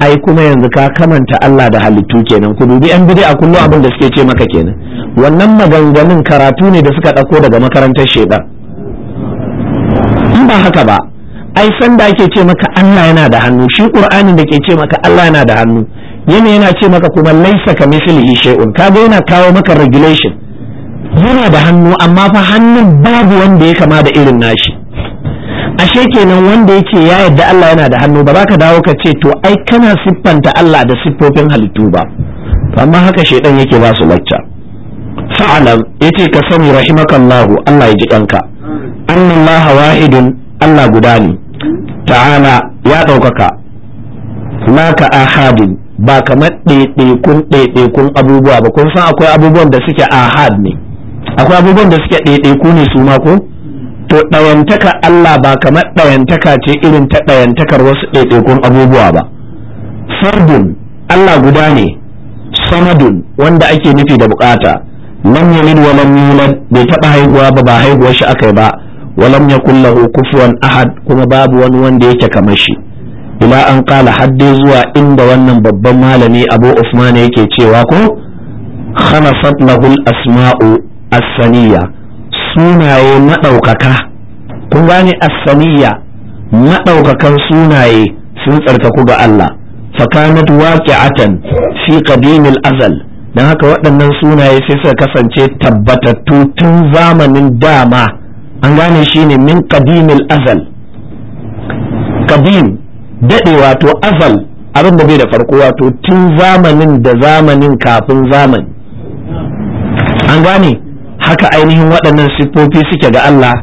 ai kuma yanzu ka kamanta Allah da halittu kenan ku dubi yan bid'a kullu abin da suke ce maka kenan wannan maganganun karatu ne da suka dauko daga makarantar shedan in ba haka ba ai san da ake ce maka Allah yana da hannu shi qur'anin da ke ce maka Allah yana da hannu yana yana ce maka kuma laisa ka mislihi shay'un kaga yana kawo maka regulation yana da hannu amma fa hannun babu wanda ya kama da irin nashi ashe kenan wanda yake ya yadda Allah yana da hannu ba za ka dawo ka ce to ai kana siffanta Allah da siffofin halittu ba amma haka shaidan yake ba su lacca fa'alam yace ka sani rahimakallahu Allah ya ji kanka annallahu wahidun Allah guda ne ta'ala ya ɗaukaka laka ahadin ba kamar ɗaiɗaikun ɗaiɗaikun abubuwa ba kun san akwai abubuwan da suke ahad ne akwai abubuwan da suke ɗaiɗaiku ne su ma ko to ɗayantaka Allah ba kamar ɗayantaka ce irin ta ɗayantakar wasu ɗaiɗaikun abubuwa ba fardun Allah guda ne sanadun wanda ake nufi da bukata lam yalid wa lam yulad bai taɓa haihuwa ba ba haihuwar shi akai ba wa lam yakul lahu ahad kuma babu wani wanda yake kamar shi ila an kala hadde zuwa inda wannan babban malami Abu Usman yake cewa ko khanafat lahul asma'u as sunaye maɗaukaka kun gane asaniya maɗaukakan sunaye sun tsarkaku ga Allah fakanat waqi'atan fi qadimil azal dan haka waɗannan sunaye sai suka kasance tabbatattu tun zamanin dama an gane shi ne min qadimil azal qadim dade wato azal abin da bai da farko wato tun zamanin da zamanin kafin zamani an gane haka ainihin waɗannan siffofi suke ga Allah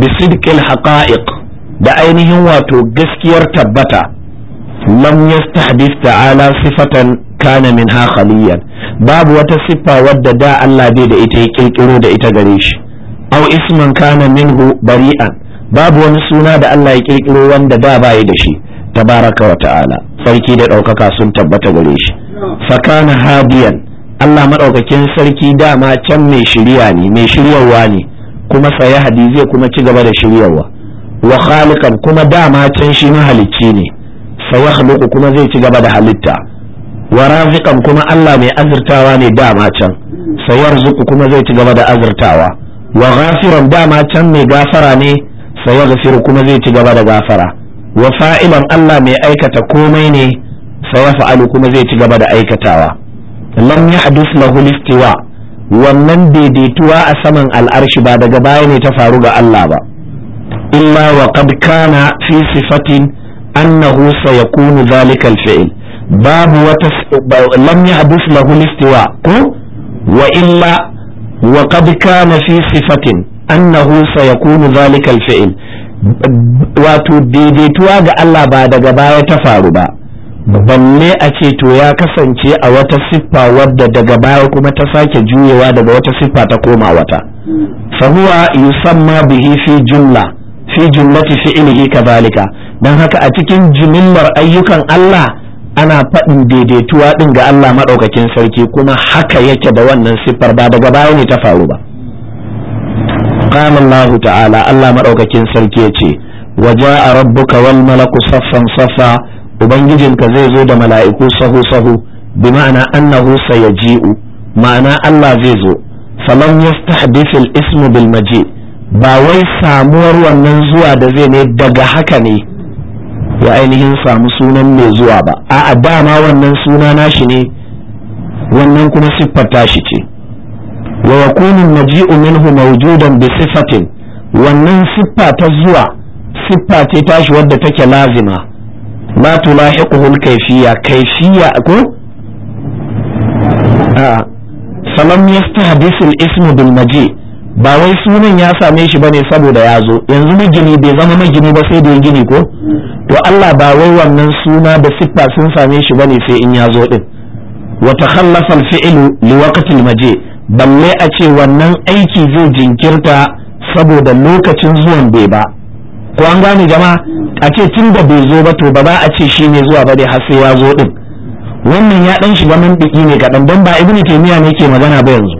bisidqil haqa'iq da ainihin wato gaskiyar tabbata lam yastahdith ta'ala sifatan kana minha khaliyan babu wata siffa wadda da Allah bai da ita ya kirkiro da ita gare shi aw isman kana minhu bari'an babu wani suna da Allah ya kirkiro wanda da bai da shi tabaraka wa ta'ala sarki da ɗaukaka sun tabbata gare shi fakana hadiyan Allah maɗaukakin sarki dama can mai shirya ne mai shiryarwa ne kuma saya hadi zai kuma ci gaba da shiryarwa wa kuma dama can shi mahalicci ne saya khaliqu kuma zai ci gaba da halitta wa raziqan kuma Allah mai azurtawa ne dama can sayar zuku kuma zai ci gaba da azurtawa wa ghafiran dama can mai gafara ne sayar kuma zai ci gaba da gafara wa fa'ilan Allah mai aikata komai ne sayafa alu kuma zai ci gaba da aikatawa lam yahdus lahu istiwa wannan daidaituwa a saman al'arshi ba daga baya ne ta faru ga Allah ba illa wa qad kana fi sifatin annahu sayakunu dhalika al-fi'l babu wata lam yahdus lahu istiwa ko wa illa wa qad kana fi sifatin annahu sayakunu dhalika al-fi'l wato daidaituwa ga Allah ba daga baya ta faru ba banne a ce to ya kasance a wata siffa wadda daga baya kuma ta sake juyewa daga wata siffa ta koma wata fahuwa yusamma bihi fi jumla fi jumlati fi'ilihi kazalika dan haka a cikin jumlar ayyukan Allah ana faɗin daidaituwa ɗin ga Allah maɗaukakin sarki kuma haka yake da wannan siffar ba daga baya ne ta faru ba qala Allah ta'ala Allah maɗaukakin sarki yace waja'a rabbuka wal malaku saffan safa ubangijinka zai zo da mala'iku sahu sahu bi ma'ana annahu sayaji'u ma'ana Allah zai zo falam yastahdith al-ismu bil maji ba wai samuwar wannan zuwa da zai ne daga haka ne ya ainihin samu sunan mai zuwa ba a'a dama wannan suna nashi ne wannan kuma siffar tashi ce wa yakunu maji'u minhu mawjudan bi sifatin wannan siffa ta zuwa siffa ce tashi wadda take lazima ma tulahiquhul kayfiyya kayfiyya ko a falam yastahdithu al-ismu bil ba wai sunan ya same shi bane saboda ya zo yanzu magini bai zama magini ba sai da ya gini ko to Allah ba wai wannan suna da siffa sun same shi bane sai in ya zo din wa takhallasa al-fi'lu li waqti al-maji balle a ce wannan aiki zai jinkirta saboda lokacin zuwan bai ba ko an gane jama'a a ce tun da bai zo ba to ba ba a ce shi ne zuwa ba dai har sai ya zo din wannan ya dan shiga mandiki ne kaɗan don ba ibnu taymiya ne ke magana ba yanzu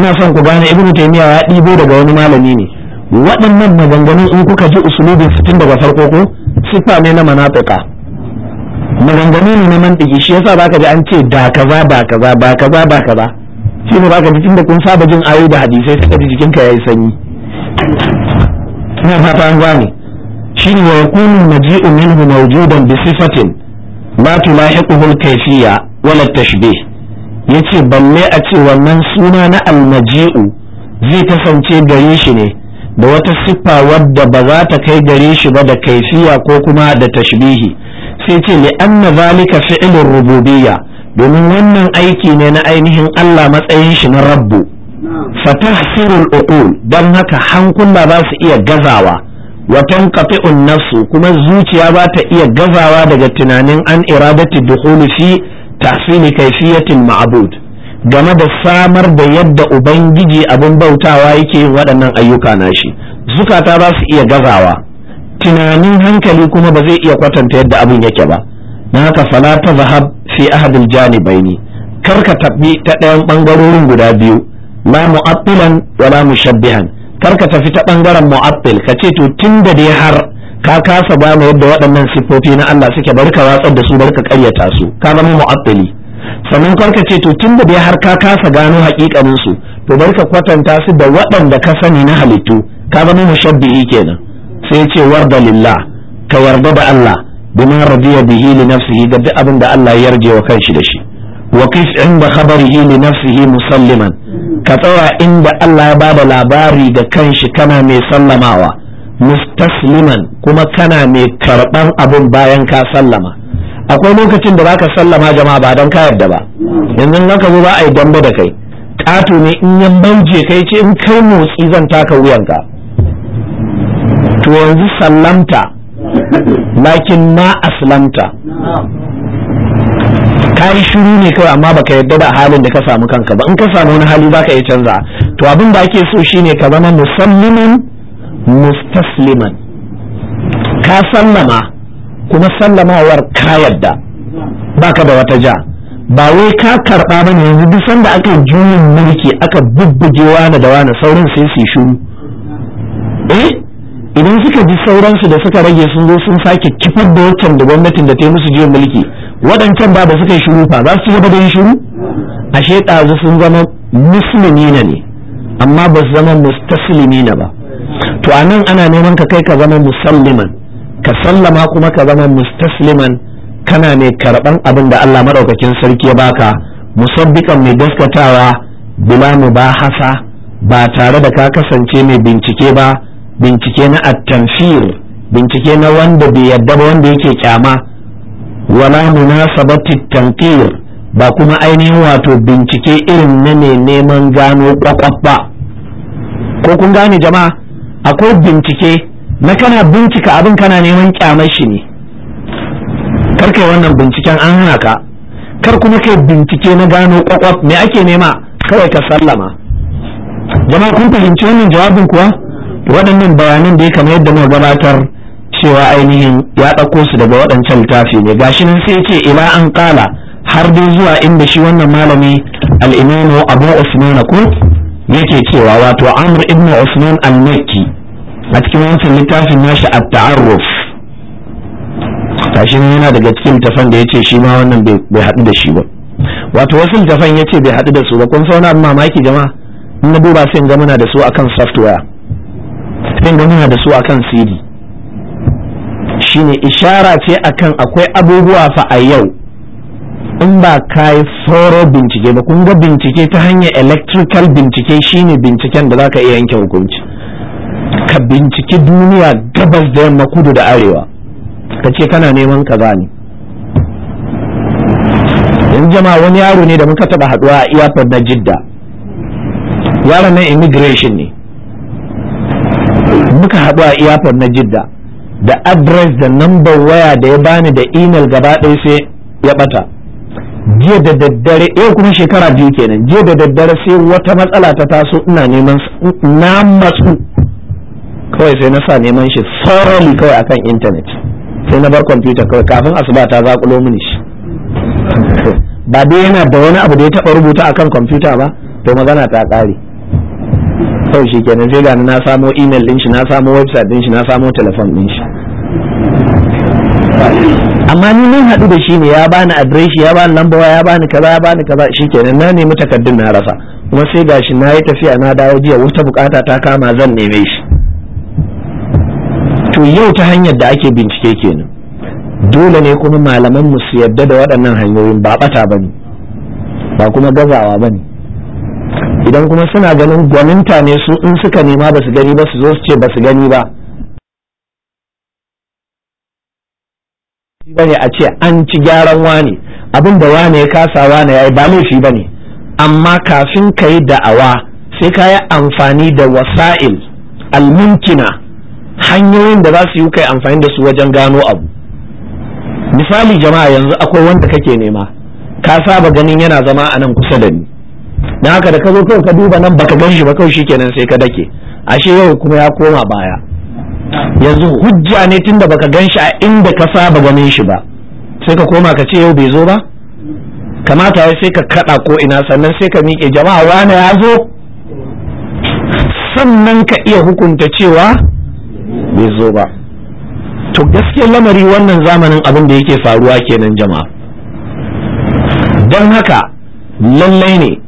ina son ku gane ibnu taymiya ya ɗibo daga wani malami ne waɗannan maganganun in kuka ji usulubin tun daga farko ko sifa ne na manatuka maganganu ne na mandiki shi yasa baka ji an ce da kaza ba kaza ba kaza ba kaza shi ne baka ji tun da kun saba jin ayoyi da hadisai suka ji jikinka yayi sanyi ina fata an gane shine wa yakunu maji'u minhu mawjudan bi sifatin ma tulahiquhu al-kayfiyya wala tashbih yace balle a ce wannan suna na almajiu zai kasance gare shi ne da wata siffa wadda ba za ta kai gare shi ba da kaifiya ko kuma da tashbihi sai ce li anna zalika fi'lur rububiyya domin wannan aiki ne na ainihin Allah matsayin shi na rabbu fatahsirul uqul dan haka hankula za su iya gazawa wa tanqati'un nafsu kuma zuciya ba ta iya gazawa daga tunanin an iradati dukhuli fi tahsili kayfiyatil ma'abud, game da samar da yadda ubangiji abin bautawa yake yin waɗannan ayyuka shi, zukata ba su iya gazawa tunanin hankali kuma ba zai iya kwatanta yadda abin yake ba na haka fala ta zahab fi ahadil janibaini kar ka tabi ta ɗayan ɓangarorin guda biyu la mu'attilan wala la mushabbihan kar ka tafi ta bangaren mu'attil ka ce to tun da dai har ka kasa ba mu yadda waɗannan siffofi na Allah suke bari ka watsar da su bari ka ƙaryata su ka zama mu'attili sannan karka ce to tun da dai har ka kasa gano haƙiƙanin su to bari ka kwatanta su da waɗanda ka sani na halittu ka zama mushabbi'i kenan sai ya ce warda lillah ka yarda da Allah bima radiya bihi li nafsihi ga duk abin da Allah ya yarje wa kanshi da shi wa kai shi inda habari yi ne nafsi yi musalliman ka tsawa inda Allah ya bada labari da kanshi kana mai sallamawa mustasliman kuma kana mai karɓan abin bayan ka sallama akwai lokacin da ba ka sallama jama'a ba don kayar da ba yanzu nan ka zo ba a yi dambe da kai ƙato ne in yan banje kai ce in kai motsi zan taka wuyan ka to yanzu sallamta lakin na aslamta ka shiru ne kawai amma baka yadda da halin da ka samu kanka ba in ka samu wani hali zaka iya canza to abin da ake so shine ka zama musalliman mustasliman ka sallama kuma sallamawar ka yadda baka da wata ja ba wai ka karɓa ba ne yanzu duk sanda aka juyin mulki aka bubbuge na da wani sauran sai su yi shiru eh idan suka ji sauransu da suka rage sun zo sun sake kifar da waccan da gwamnatin da ta yi musu jiya mulki waɗancan ba da suka yi shiru fa za su gaba da yin shiru ashe ɗazu sun zama musulmi na ne amma ba su zama na ba to a nan ana neman ka kai ka zama musalliman ka sallama kuma ka zama mustasliman kana mai karɓan abin da Allah maɗaukakin sarki ya baka musabbikan mai gaskatawa bila mu hasa ba tare da ka kasance mai bincike ba bincike na at-tanfir bincike na wanda bai yadda ba wanda yake kyama wala munasabati tanqir ba kuma ainihin wato bincike irin na ne neman gano kwakwaf ba ko kun gane jama'a akwai bincike na kana bincika abin kana neman kyamar shi ne karkai wannan binciken an hana ka kar kuma kai bincike na gano kwakwaf me ake nema kawai ka sallama jama'a kun fahimci wannan jawabin kuwa waɗannan bayanan da ya kama yadda muka gabatar cewa ainihin ya ɗauko su daga waɗancan littafi ne gashi nan sai ce ila an kala har dai zuwa inda shi wannan malami al'imamu abu usman ku yake cewa wato amr ibn usman al-makki a cikin wancan littafin nashi at-ta'arruf gashi yana daga cikin tafan da yace shi ma wannan bai haɗu da shi ba wato wasu tafan yace bai haɗu da su ba kun sauna mamaki jama'a in na duba sai in ga muna da su akan software littattafin da muna da su akan cd shine ishara ce akan akwai abubuwa fa a yau in ba ka yi bincike ba kun ga bincike ta hanyar electrical bincike shine binciken da zaka iya yanke hukunci ka binciki duniya gabas da yamma kudu da arewa ka ce kana neman kaza ne yanzu jama'a wani yaro ne da muka taba haduwa a iyafar na jidda yaron nan immigration ne muka haɗu a iyafar na jidda da adres da number waya da ya bani da email gaba ɗaya sai ya ɓata jiya da daddare yau kuma shekara biyu kenan jiya da daddare sai wata matsala ta taso ina neman na matsu kawai sai na sa neman shi thoroughly kawai akan intanet sai na bar computer kawai kafin asuba ta zakulo mini shi (laughs) ba dai yana da wani abu da ya taɓa rubuta akan kwamfuta ba to magana ta ƙare kawai shi kenan zai gani na samo email din shi na samo website din shi na samo telefon din shi amma ni mun haɗu da shi ne ya bani adreshi ya bani lamba ya bani kaza ya bani kaza shi kenan na nemi takardun na rasa kuma sai gashi na yi tafiya na dawo jiya wata bukata ta kama zan neme shi to yau ta hanyar da ake bincike kenan dole ne kuma malaman mu su yarda da waɗannan hanyoyin ba ɓata ba ba kuma gazawa bane idan kuma suna ganin gwaninta ne su in suka nema ba su gani ba su zo su ce ba su gani ba bane a ce an ci gyaran wani abin da wane ya kasa wane ya yi ba laifi ne. amma kafin ka yi da'awa sai ka yi amfani da wasa'il almunkina hanyoyin da za su yi kai amfani da su wajen gano abu misali jama'a yanzu akwai wanda kake nema ka saba ganin yana zama a nan kusa da ni dan haka da ka zo kawai ka duba nan baka gan shi ba kawai shikenan sai ka dake ashe yau kuma ya koma baya yanzu hujja ne tunda baka gan shi a inda ka saba ganin shi ba sai ka koma ka ce yau bai zo ba kamata ya sai ka kada ko ina sannan sai ka miƙe jama'a wani ya zo sannan ka iya hukunta cewa bai zo ba to gaskiyar lamari wannan zamanin abin da yake faruwa kenan jama'a don haka lallai ne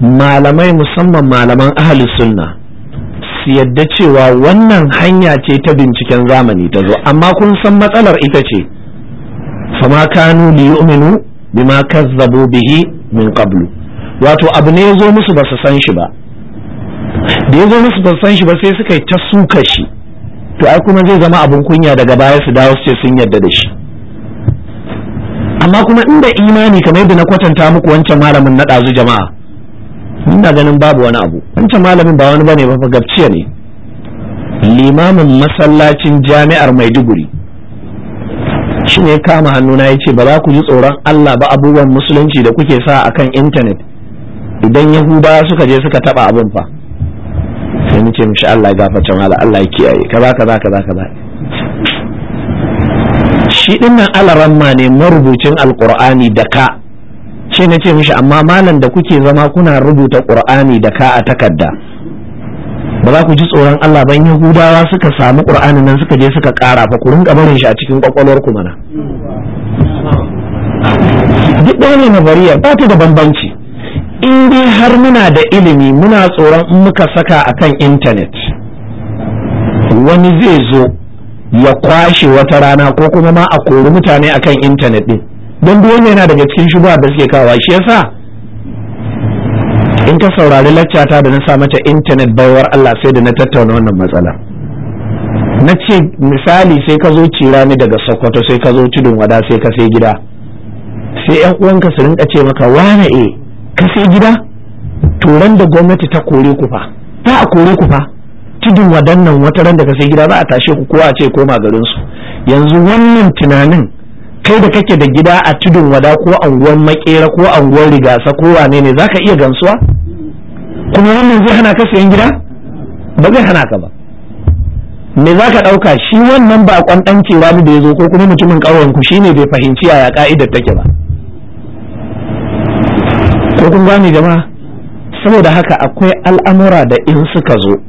malamai musamman malaman ahli sunna su yadda cewa wannan hanya ce ta binciken zamani ta zo amma kun san matsalar ita ce fama kanu li yu'minu bima kazzabu bihi min qablu wato abu ne ya musu ba su san shi ba da yazo zo musu ba su san shi ba sai suka yi ta suka shi to ai kuma zai zama abun kunya daga baya su dawo su ce sun yadda da shi amma kuma inda imani kamar yadda na kwatanta muku wancan malamin na ɗazu jama'a ina ganin babu wani abu wancan malamin ba wani bane ba fa gabciya ne limamin masallacin jami'ar maiduguri shi ne kama hannuna ya ce ba za ku ji tsoron allah ba abubuwan musulunci da kuke sa akan intanet idan yahuda suka je suka taba abin fa sai mu ce mishi allah ya gafarta hala allah ya kiyaye kaza kaza kaza kaza shi dinnan alaramma ne marubucin alkur'ani da ka shi na ce mishi amma malam da kuke zama kuna rubuta ƙur'ani da ka a takarda ba za ku ji tsoron Allah ban yahudawa suka samu ƙur'ani nan suka je suka kara fa ku rinka barin shi a cikin kwakwalwar ku mana duk ɗaya ne nazariya ba ta da bambanci in dai har muna da ilimi muna tsoron in muka saka akan intanet wani zai zo ya kwashe wata rana ko kuma ma a kori mutane akan intanet ɗin don duk wanda yana daga cikin shubuhar da suke kawo shi yasa in ka saurari laccata da na sa mata intanet baiwar Allah sai da na tattauna wannan matsala na ce misali sai ka zo cirani daga sokoto sai ka zo tudun wada sai ka sai gida sai yan uwanka su rinka ce maka wane e ka sai gida turan da gwamnati ta kore ku fa ta a kore ku fa tudun wadan nan wata ran da ka sai gida za a tashe ku kowa a ce koma garinsu yanzu wannan tunanin kai da kake da gida a tudun wada ko anguwan makera ko anguwan rigasa ko wane ne zaka iya gamsuwa kuma wannan zai hana ka sayan gida ba zai hana ka ba me za ka ɗauka shi wannan ba kwan dan cewa da ya zo ko kuma mutumin ƙauyenku shi ne bai fahimci yaya ƙa'idar take ba ko kun gane jama'a saboda haka akwai al'amura da in suka zo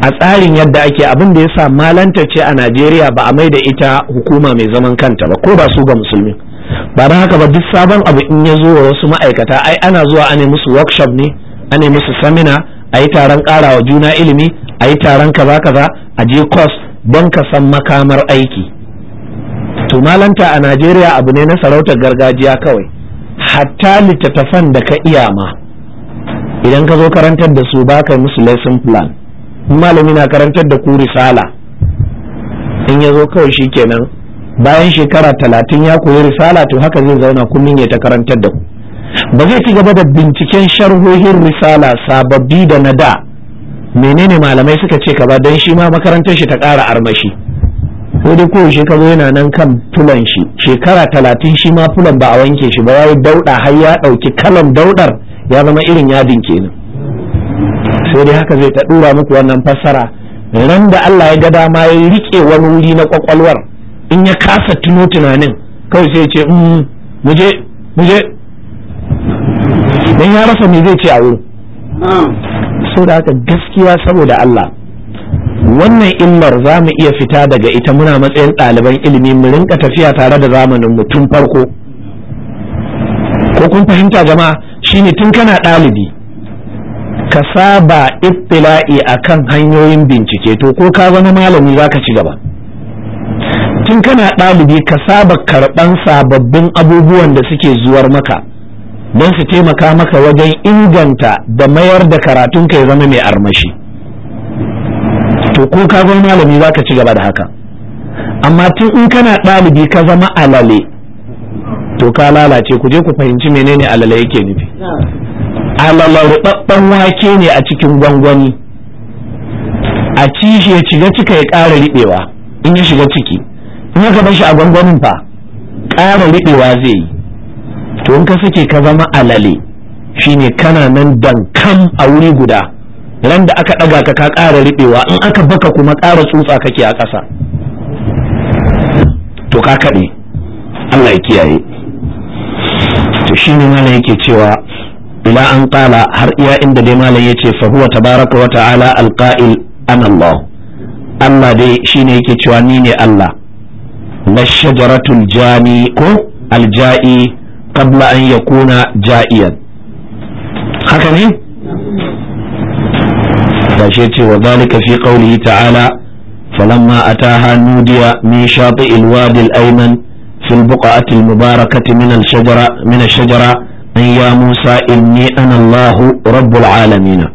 a tsarin yadda ake abin da ya sa malanta ce a najeriya ba a mai da ita hukuma mai zaman kanta ba ko ba su ga musulmi ba don haka ba duk sabon abu in ya zo wa wasu ma'aikata ai ana zuwa ana musu workshop ne ana musu samina a yi taron karawa juna ilimi a yi taron kaza kaza a je course don ka san makamar aiki to malanta a najeriya abu ne na sarautar gargajiya kawai hatta littattafan da ka iya ma idan ka zo karantar da su ba ka musu lesson plan malami na karantar da ku risala in ya zo kawai shi kenan bayan shekara talatin ya koyi risala to haka zai zauna kullum ya ta karantar da ku ba zai ci gaba da binciken sharhohin risala sababbi da na da menene malamai suka ce ka ba don shi ma makarantar shi ta ƙara armashi ko dai kowace shekaru yana nan kan fulan shi shekara talatin shi ma fulan ba a wanke shi ba ya yi dauɗa har ya ɗauki kalan daudar ya zama irin yadin kenan sai dai haka zai ta dura muku wannan fassara ran da Allah ya ga dama ya rike wani wuri na kwakwalwar in ya kasa tuno tunanin kawai sai ya ce mm, muje muje dan ya rasa me zai ce a wurin saboda haka gaskiya saboda Allah wannan illar za mu iya fita daga ita muna matsayin ɗaliban ilimi mu rinka tafiya tare da zamanin mu tun farko ko kun fahimta jama'a shine tun kana ɗalibi ka saba ittila'i akan hanyoyin bincike to ko ka zama malami zaka ci gaba tun kana ɗalibi ka saba karɓan sababbin abubuwan da suke zuwar maka don su taimaka maka wajen inganta da mayar da karatun ka ya zama mai armashi to ko ka zama malami zaka ci gaba da haka amma tun in kana ɗalibi ka zama alale to ka lalace ku je ku fahimci menene alale yake nufi alala rubabban wake ne a cikin gwangwani a ci ya shiga cika ya ƙara riɓewa in ya shiga ciki in ya bar shi a gwangwanin fa ƙara riɓewa zai yi to in ka sake ka zama alale shine kana nan dankam a wuri guda ran da aka ɗaga ka ka ƙara riɓewa in aka baka kuma ƙara tsutsa kake a ƙasa to ka kaɗe Allah ya kiyaye to shine mana yake cewa ila an qala har iya inda dai malam ya fa huwa tabaraka wa ta'ala alqa'il ana Allah Allah dai shine yake cewa ni ne Allah la shajaratul jani ko alja'i qabla an yakuna ja'iyan haka ne gashi ce wa zalika fi qawlihi ta'ala فلما أتاها نودي من شاطئ ilwadil الأيمن في البقعة المباركة من الشجرة من الشجرة an musa inni anallahu allahu rabbul alamina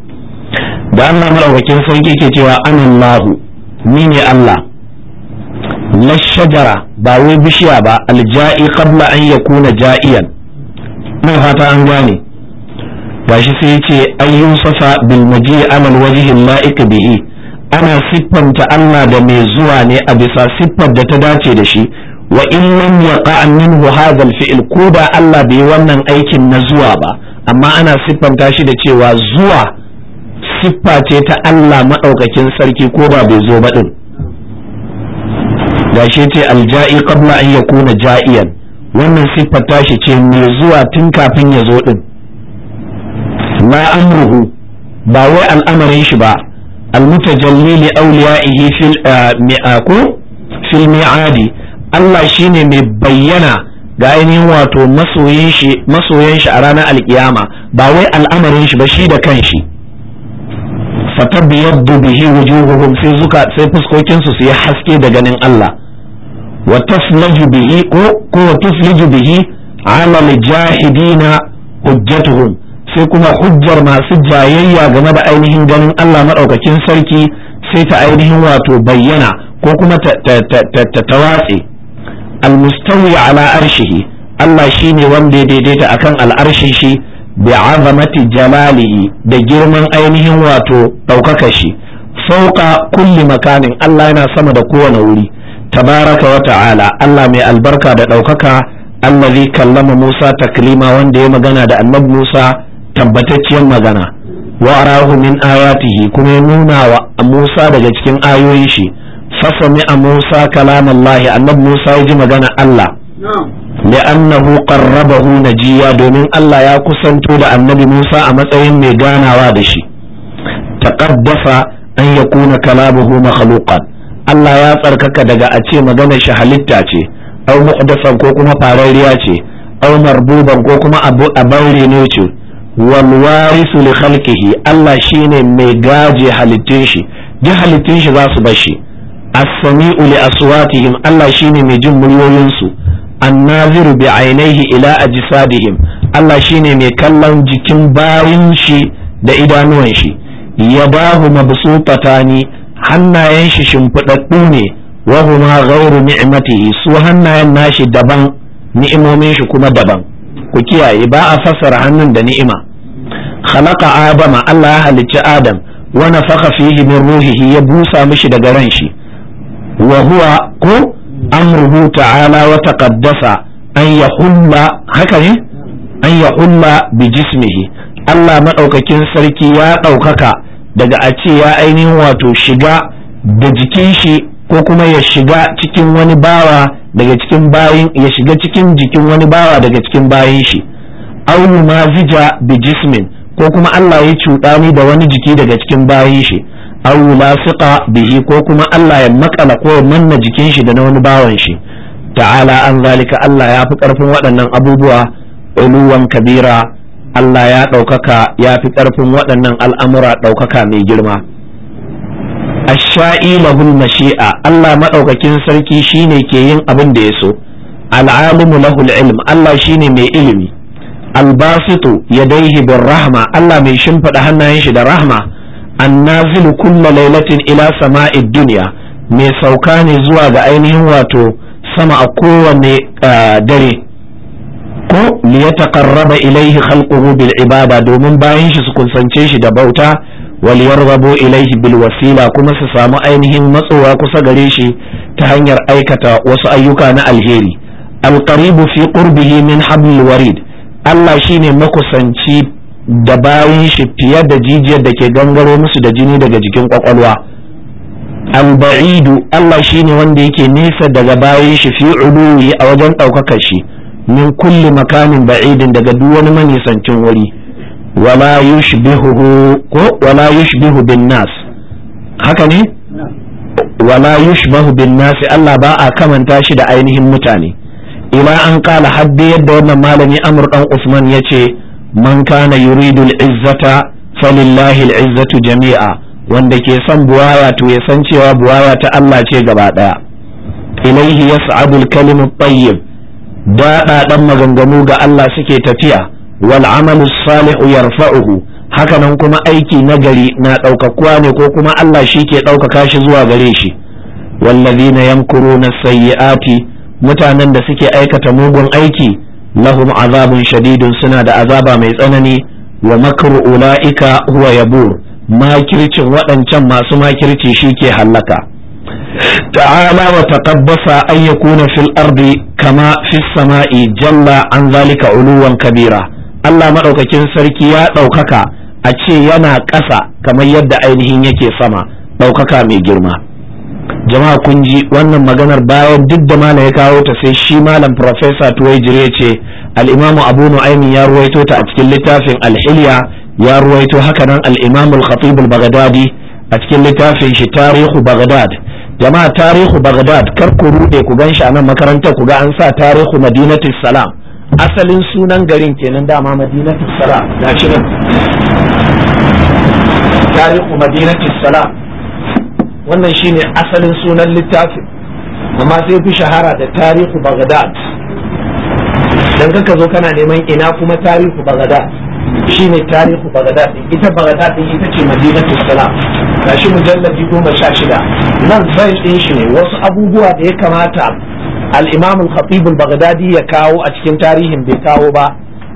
da allah maraukakin sarki ke cewa ana ni ne allah na shajara ba wai bishiya ba alja'i qabla an yakuna ja'iyan nan fata an gane gashi sai ya ce an yusafa bil maji amal wajihin la'ika bihi ana siffanta Allah da mai zuwa ne a bisa siffar da ta dace da shi wa in lam yaqa minhu hadha al-fi'l ko da Allah bai wannan aikin na zuwa ba amma ana siffanta shi da cewa zuwa siffa ce ta Allah madaukakin sarki ko ba bai zo ba din shi ce alja'i qabla an yakuna ja'iyan wannan siffata shi ce mai zuwa tun kafin ya zo din la amruhu ba wai al'amarin shi ba almutajalli li awliya'ihi fil ah, mi'aku ah, fil mi'adi Allah shine mai bayyana ga ainihin wato masoyan shi a ranar alkiyama ba wai al'amarin shi ba shi da kanshi fatabiyaddu bihi wujuhuhum sai zuka sai fuskokinsu su yi haske da ganin Allah wa taslaju bihi ko ko taslaju bihi hujjatuhum sai kuma hujjar masu jayayya game da ainihin ganin Allah madaukakin sarki sai ta ainihin wato bayyana ko kuma ta ta almustawi ala arshihi Allah shine wanda ya daidaita akan al'arshi shi bi'azamati jalalihi da girman ainihin wato ɗaukaka shi Sauka kulli makanin Allah yana sama da kowane wuri tabaraka wa ta'ala Allah mai albarka da ɗaukaka allazi kallama Musa taklima wanda ya magana da annabi Musa tabbatacciyar magana wa arahu min ayatihi kuma ya nuna wa Musa daga cikin ayoyin shi fasami a musa kalam allahi annabi musa ya ji magana allah li'annahu na najiya domin allah ya kusanto da annabi musa a matsayin mai ganawa da shi taqaddafa an yakuna kalamuhu makhluqan allah ya tsarkaka daga a ce maganar shi halitta ce au muhdathan ko kuma farariya ce au marbuban ko kuma abu a ne ce walwarisu li khalqihi Allah shine mai gaje halittun shi Ji halittun shi za su bar shi as-sami'u li aswatihim Allah shine mai jin muryoyin su annaziru bi ainihi ila ajsadihim Allah shine mai kallon jikin bayin shi da idanuwan shi ya yabahu ni. hannayen shi shimfidaddu ne wa huma ghawru ni'matihi su hannayen nashi daban ni'imomin shi kuma daban ku kiyaye ba a fassara hannun da ni'ima khalaka adama Allah ya halicci adam wa nafakha fihi min ruhihi ya busa mishi daga ran shi wa huwa ko amruhu ta'ala wa taqaddasa an yahulla haka ne an yahulla bi jismihi Allah maɗaukakin sarki ya ɗaukaka daga a ce ya ainihin wato shiga da jikin ko kuma ya shiga cikin wani bawa daga cikin bayin ya shiga cikin jikin wani bawa daga cikin bayin shi mazija bi ko kuma Allah ya cuɗani da wani jiki daga cikin bayin shi aw masuƙa bihi ko kuma Allah ya makala ko manna jikin shi da na wani bawan shi ta'ala an zalika Allah ya fi karfin waɗannan abubuwa uluwan kabira Allah ya ɗaukaka ya fi ƙarfin waɗannan al'amura ɗaukaka mai girma. Asha'i lahul mashi'a Allah maɗaukakin sarki shine ke yin abin da ya so, al'alimu lahul ilm Allah shine mai ilimi, albasitu ya daihi bin rahma Allah mai shimfiɗa hannayen shi da rahma annazilu kulla lailatin ila sama'id duniya mai sauka ne zuwa ga ainihin wato sama a kowane dare ko li yataqarraba ilaihi khalquhu bil ibada domin bayan shi su kusance shi da bauta wal rabo ilaihi bil wasila kuma su samu ainihin matsowa kusa gare shi ta hanyar aikata wasu ayyuka na alheri alqaribu fi qurbihi min hablil warid Allah shine makusanci da bayan shi fiye da jijiyar da ke gangaro musu da jini daga jikin kwakwalwa al-ba'idu Allah shine wanda yake nisa daga bayan shi fi uluwi a wajen ɗaukakar shi min kulli makamin ba'idin daga duk wani manisancin wuri wala yushbihu ko wala bin nas haka ne wala bihu bin nas Allah ba a kamanta shi da ainihin mutane ila an kala haddi yadda wannan malami Amr dan Usman yace man kana yuridu al falillahi jami'a wanda ke son buwaya to ya san cewa buwaya ta Allah ce gaba daya ilaihi yas'abu al-kalimu at maganganu ga Allah suke tafiya wal amalu salihu yarfa'uhu haka nan kuma aiki nagari na ɗaukakuwa ne ko kuma Allah shi ke ɗaukaka shi zuwa gare shi wallazina yamkuruna sayyi'ati mutanen da suke aikata mugun aiki lahum azabun shadidun suna da azaba mai tsanani wa makru ulaika huwa yabur makircin waɗancan masu makirci shike hallaka ta'ala wa taqabbasa an yakuna fil ardi kama fis sama'i jalla an zalika uluwan kabira Allah madaukakin sarki ya ɗaukaka a ce yana ƙasa kamar yadda ainihin yake sama ɗaukaka mai girma jama'a kun ji wannan maganar bayan duk da malam ya kawo ta sai shi malam professor tuwai jire ce al-imamu abu nu'aymin ya ruwaito ta a cikin littafin alhiliya ya ruwaito haka nan al-imamu khatib al-baghdadi a cikin littafin shi tarihu baghdad jama'a tarihu baghdad kar ku rude ku ganshi a nan makarantar ku ga an sa tarihu madinatu salam asalin sunan garin kenan dama madinatu salam shi nan tarihu madinatu salam wannan shine asalin sunan littafin amma sai fi shahara da tarihu bagdad dan kanka zo kana neman ina kuma tarihu bagdad shine tarihu bagdad ita bagdad ita ce madinatul salam shi mujalladi goma sha shida nan zai din shi ne wasu abubuwa da ya kamata al-imam al-khatib al-baghdadi ya kawo a cikin tarihin bai kawo ba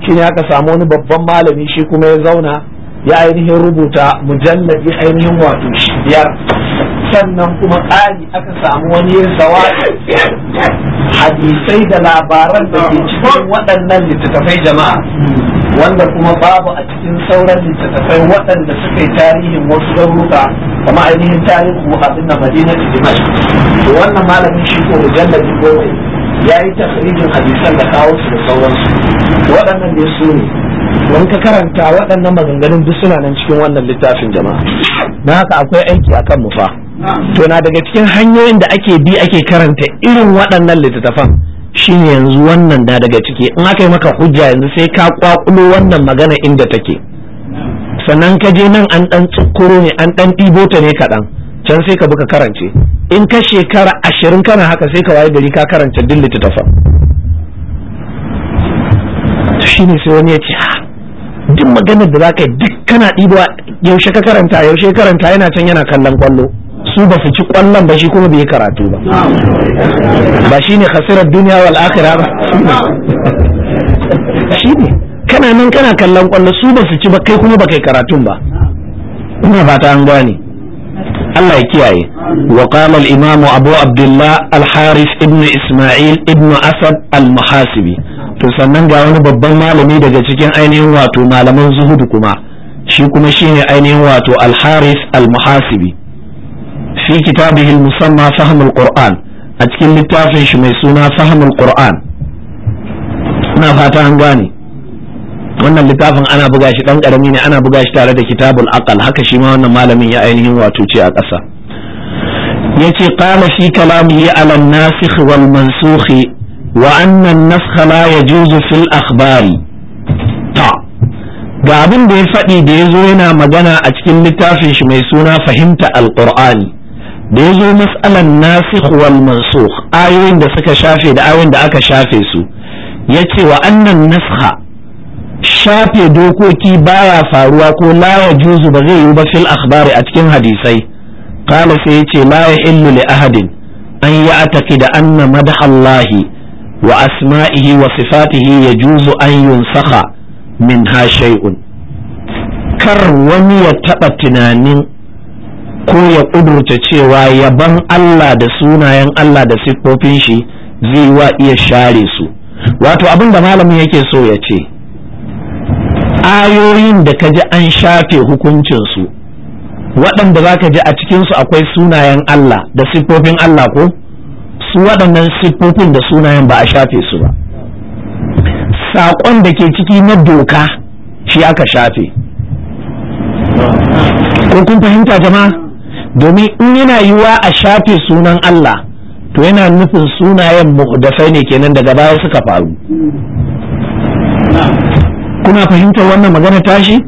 shine aka samu wani babban malami shi kuma ya zauna ya ainihin rubuta mujalladi ainihin wato biyar sannan kuma ƙari aka samu wani zawa hadisai da labaran da ke cikin waɗannan littattafai jama'a wanda kuma babu a cikin sauran littattafai waɗanda suka yi tarihin wasu garuruka kama ainihin tarihu abin da madina da dimash to wannan malamin shi ko mujallabi goma ya yi tasirin hadisan da kawo su da sauransu waɗannan ne su ne wani ka karanta waɗannan maganganun duk suna nan cikin wannan littafin jama'a na haka akwai aiki akan mu fa to na daga cikin hanyoyin da ake bi ake karanta irin waɗannan littattafan shine yanzu wannan na daga ciki in aka yi maka hujja yanzu sai ka kwakulo wannan magana inda take sannan ka je nan an ɗan tsukuro ne an ɗan ɗibo ta ne kaɗan can sai ka buka karance in ka shekara ashirin kana haka sai ka waye gari ka karanta duk littattafan shine sai wani ya ce ah, duk maganar da za ka yi duk kana ɗibo yaushe ka karanta yaushe karanta yana can yana kallon kwallo su ba su ci kwallon ba shi kuma bai karatu ba ba shi ne khasirar duniya wal akhira ba (laughs) shi ne kana nan kana kallon kwallo su ba su ci ba kai kuma ba kai karatun ba ina fata an gane Allah ya kiyaye wa qala al imamu abu abdullah al ibnu ibn isma'il ibn asad al muhasibi to sannan ga wani babban malami daga cikin ainihin wato malaman zuhudu kuma shi kuma shine ainihin wato al harith al muhasibi fi kitabihi musamma fahmul qur'an a cikin littafin shi mai suna fahmul qur'an ina fata an gane wannan littafin ana buga shi dan karami ne ana buga shi tare da kitabul aqal haka shi ma wannan malamin ya ainihin wato ce a ƙasa yace qala fi kalamihi ala an-nasikh wal mansukh wa anna an-naskh la yajuzu fil akhbar ta ga abin da ya faɗi da ya zo yana magana a cikin littafin shi mai suna fahimta alqur'ani da ya zo mas'alan nasikh wal mansukh ayoyin da suka shafe da ayoyin da aka shafe su ya ce wa annan nasha shafe dokoki baya faruwa ko lawa juzu ba zai yi ba fil akhbari a cikin hadisai qala sai ya ce la illu li ahadin an da anna allahi wa asma'ihi wa sifatihi juzu an yunsakha min ha shay'un kar wani ya taba tunanin ko ya ƙudurta cewa yaban Allah da sunayen Allah da siffofin shi zai wa iya share su wato abin da malamin yake so ya ce ayoyin da ka ji an shafe hukuncinsu waɗanda za ka ji a cikinsu akwai sunayen Allah da siffofin Allah ko su waɗannan siffofin da sunayen ba a shafe su ba saƙon da ke ciki na doka shi aka shafe ko kun fahimta jama'a domin in yana yiwa a shafe sunan Allah to yana nufin sunayen muhdasai ne kenan daga baya suka faru kuna fahimtar wannan magana tashi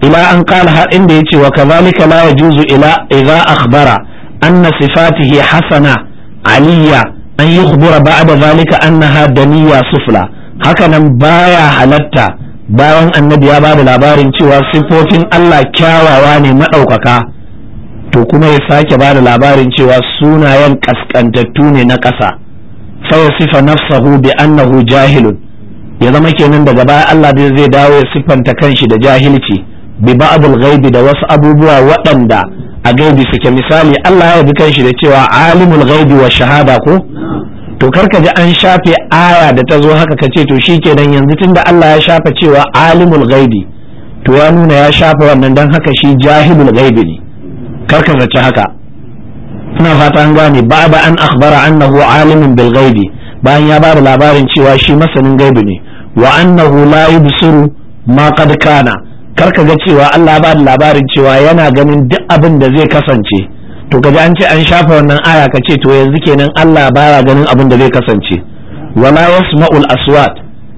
ila an kala har inda yace wa kadhalika la yajuzu ila idza akhbara anna sifatihi hasana aliyya an yukhbara ba'da dhalika annaha daniya sufla Haka nan baya halatta bayan annabi ya bada labarin cewa sifofin Allah kyawawa ne madaukaka to kuma ya sake ba da labarin cewa sunayen kaskantattu ne na ƙasa sauya sifa nafsahu bi annahu jahilun ya zama kenan daga baya Allah zai dawo ya siffanta kanshi da jahilci bi ba'dul ghaibi da wasu abubuwa waɗanda a gaibi suke misali Allah ya bi kanshi da cewa alimul ghaibi wa shahada ko to karka ji an shafe aya da ta zo haka ka ce to kenan yanzu tunda Allah ya shafa cewa alimul ghaibi to ya nuna ya shafa wannan dan haka shi jahilul ghaibi ne karka zaci haka ina fata an gane ba ba an akhbara annahu alimin bil ghaibi bayan ya bada labarin cewa shi masanin gaibi ne wa annahu la yubsiru ma qad kana karka ga cewa Allah ya bada labarin cewa yana ganin duk abin da zai kasance to kaji an ce an shafa wannan aya ka ce to yanzu kenan Allah baya ganin abin da zai kasance wala yasma'ul aswat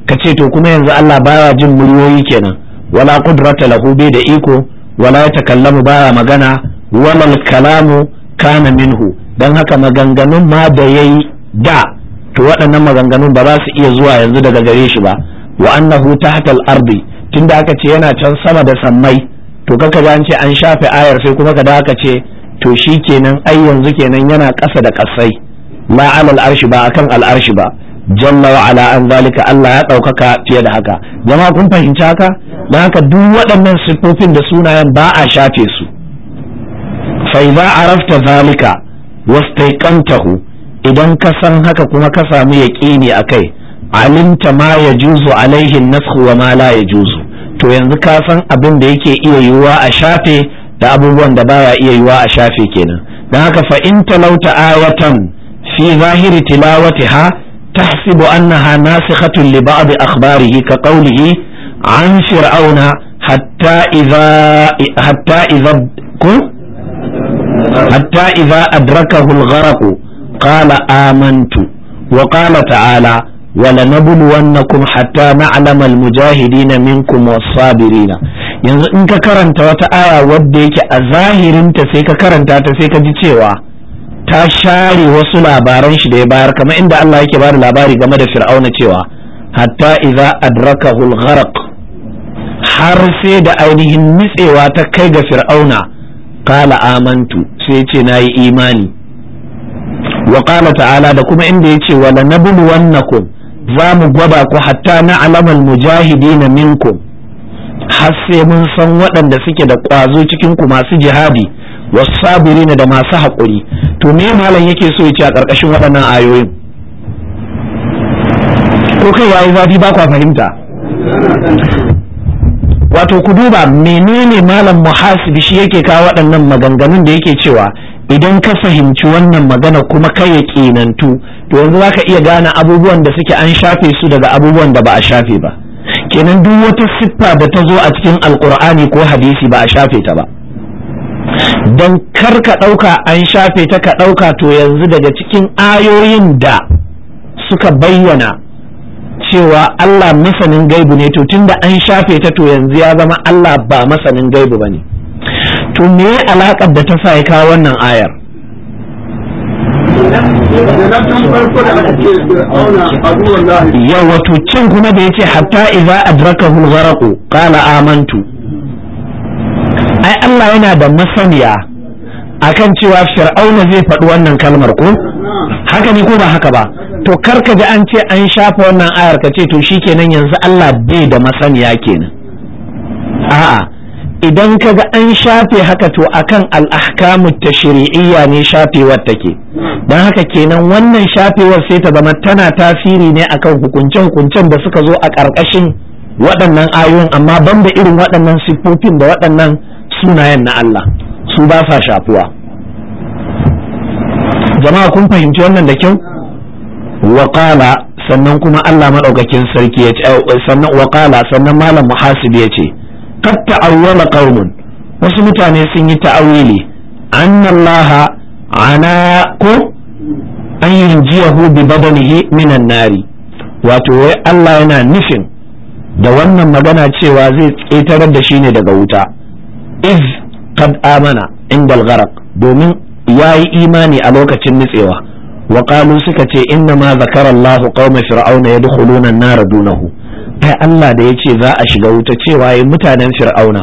ka ce to kuma yanzu Allah baya jin muryoyi kenan wala qudrata lahu bi da iko wala yatakallamu baya magana Walal kalamu kana minhu don haka maganganun ma da ya yi da to waɗannan maganganun ba za su iya zuwa yanzu daga gare shi ba wa annahu tahtal ardi tunda aka ce yana can sama da sammai to kaka ga an ce an shafe ayar sai kuma ka da aka ce to shi kenan ai yanzu kenan yana ƙasa da ƙasai la alal arshi ba akan al'arshi ba jalla wa ala an zalika Allah ya ɗaukaka fiye da haka jama'a kun fahimci haka don haka duk waɗannan siffofin da sunayen ba a shafe su fa a arafta zalika wastaiqantahu idan ka san haka kuma ka samu a kai alimta ma ya alaihi an-nasakh wa ma la ya juzu to yanzu ka san abin da yake iya yiwuwa a shafe da abubuwan da baya iya yiwuwa a shafe kenan don haka fa in talauta ayatan fi zahiri ha tahsibu annaha nasikhatun li ba'd akhbarihi ka qawlihi an fir'auna hatta idha hatta idha hatta idza adraka al-gharq qala amantu wa ta'ala ولنبلونكم حتى نعلم المجاهدين منكم والصابرين yanzu in ka karanta wata aya wadda yake a zahirinta sai ka karanta ta sai ka ji cewa ta share wasu labaran shi da ya bayar kamar inda Allah yake bada labari game da fir'auna cewa hatta idza adrakahu al har sai da ainihin nitsewa ta kai ga fir'auna kala amantu sai ya ce nayi imani wa ta'ala da kuma inda yace wala nabluwannakum za mu gwada ku hatta na alamal mujahidina minkum har sai mun san waɗanda suke da ƙwazo cikin ku masu jihadi wasu wasabirina da masu haƙuri to me malam yake so ya ce a ƙarƙashin waɗannan ayoyin ko kai yayi zafi ba kwa fahimta wato ku duba menene malam muhasibi shi yake kawo waɗannan maganganun da yake cewa idan ka fahimci wannan magana kuma ka ya kinantu to yanzu za ka iya gane abubuwan da suke an shafe su daga abubuwan da ba a shafe ba kenan duk wata siffa da ta zo a cikin alkur'ani ko hadisi ba a shafe ta ba Dan kar ka ɗauka an shafe ta ka ɗauka to yanzu daga cikin ayoyin da suka bayyana cewa Allah masanin gaibu ne to tunda an shafe ta to yanzu ya zama Allah ba masanin gaibu ne. to me alaƙar da ta sa ya wannan ayar yau wato cin kuma da yace hatta idza adrakahu al-gharaqu qala amantu ai Allah yana da masaniya akan cewa fir'auna zai faɗi wannan kalmar ko haka ne ko ba haka ba to kar ka ji an ce an shafa wannan ayar ka ce to shikenan yanzu Allah bai da masaniya kenan a'a idan ka ga an shafe haka to akan al'ahkamu ta shari'iyya ne shafewar take don haka kenan wannan shafewar sai ta zama tana tasiri ne akan hukunce-hukuncen da suka zo a ƙarƙashin waɗannan ayoyin amma banda irin waɗannan siffofin da waɗannan sunayen na Allah su ba sa shafuwa jama'a kun fahimci wannan da kyau waƙala sannan kuma Allah maɗaukakin sarki ya ce eh, sannan waƙala sannan malam muhasibi ya ce katta awwala qaumun wasu mutane sun yi ta'awili annallaha ana ko an yunjiyahu bi badanihi minan nari wato wai Allah yana nufin da wannan magana cewa zai ƙetarar da shi ne daga wuta iz kad amana inda al-gharq domin yayi imani a lokacin nutsewa wa qalu suka ce inna ma zakara Allahu qauma fir'auna yadkhuluna an-nar dunahu ai Allah da yace za a shiga wuta cewa yi mutanen fir'auna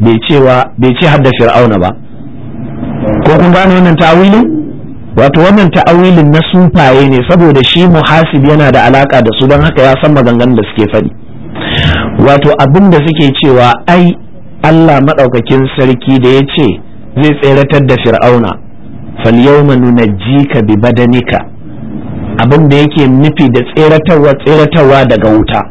bai cewa bai ce hadda fir'auna ba ko kun gane wannan ta'awilin wato wannan ta'awilin na sufaye ne saboda shi muhasib yana da alaka da su don haka ya san maganganun da suke faɗi wato abinda suke cewa ai Allah maɗaukakin sarki da ya ce zai tseratar da fir'auna falyawma nunajjika bi badanika abin da yake nufi da tseratarwa tseratarwa daga wuta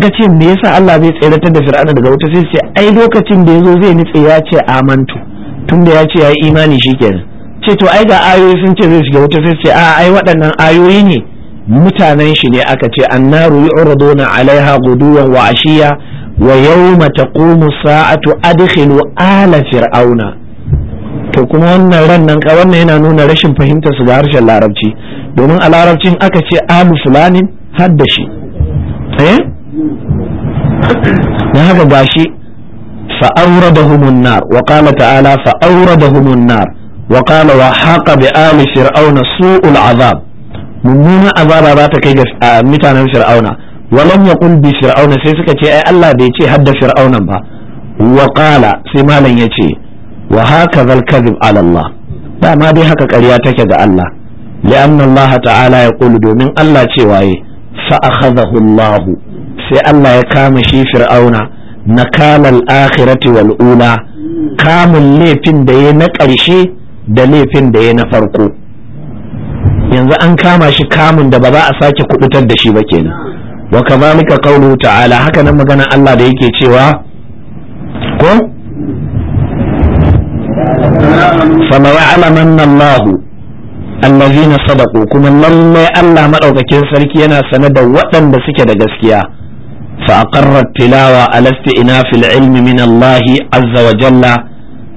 ga ce me yasa Allah zai tseratar da fir'auna daga wuta sai ce ai lokacin da yazo zai nitse ya ce amantu tunda ya ce ya yi imani shikenan ce to ai ga ayoyi sun ce zai shiga wuta sai ce a ai waɗannan ayoyi ne mutanen shi ne aka ce annaru yu'raduna alaiha guduwan wa ashiya ويوم تقوم الساعة أدخلوا آل فرعون to kuma wannan ran nan ka wannan yana nuna rashin fahimtar su da harshen larabci domin a larabcin aka ce alu fulanin haddashi eh? na haka bashi fa auradahum da wa qala ta'ala fa auradahum nar wa wa haqa bi ali fir'auna su'ul azab mummuna azaba za ta kai ga mutanen fir'auna walam ya bi fir'auna sai suka ce ai Allah bai ce hadda fir'auna ba wa qala sai malam ce wa hakazal kadhib ala Allah ma dai haka ƙarya take ga Allah anna Allah ta'ala ya qulu domin Allah ce waye fa akhadhahu Allah sai Allah ya kama shi fir'auna kamal akhirati wal ula kamun laifin da ya na ƙarshe da laifin da ya na farko yanzu an kama shi kamun da ba za a sake kuɗutar da shi ba kenan wa kadhalika qawluhu ta'ala haka nan magana Allah da yake cewa ko fama ya'lamanna Allah allazina sadaqu kuma lallai Allah madaukakin sarki yana sane da waɗanda suke da gaskiya fa aqarrat tilawa alasti ina fil ilmi min Allah azza wa jalla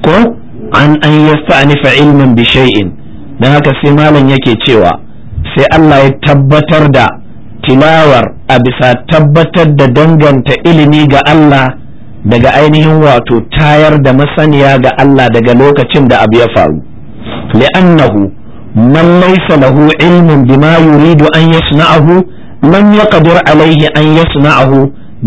ko an an yasta'nifa ilman bi shay'in dan haka sai malam yake cewa sai Allah ya tabbatar da tilawar a bisa tabbatar da danganta ilimi ga Allah daga ainihin wato tayar da masaniya ga Allah daga lokacin da abu ya faru li'annahu man laysa lahu ilmin bima yuridu an yasna'ahu man yaqdir alayhi an yasna'ahu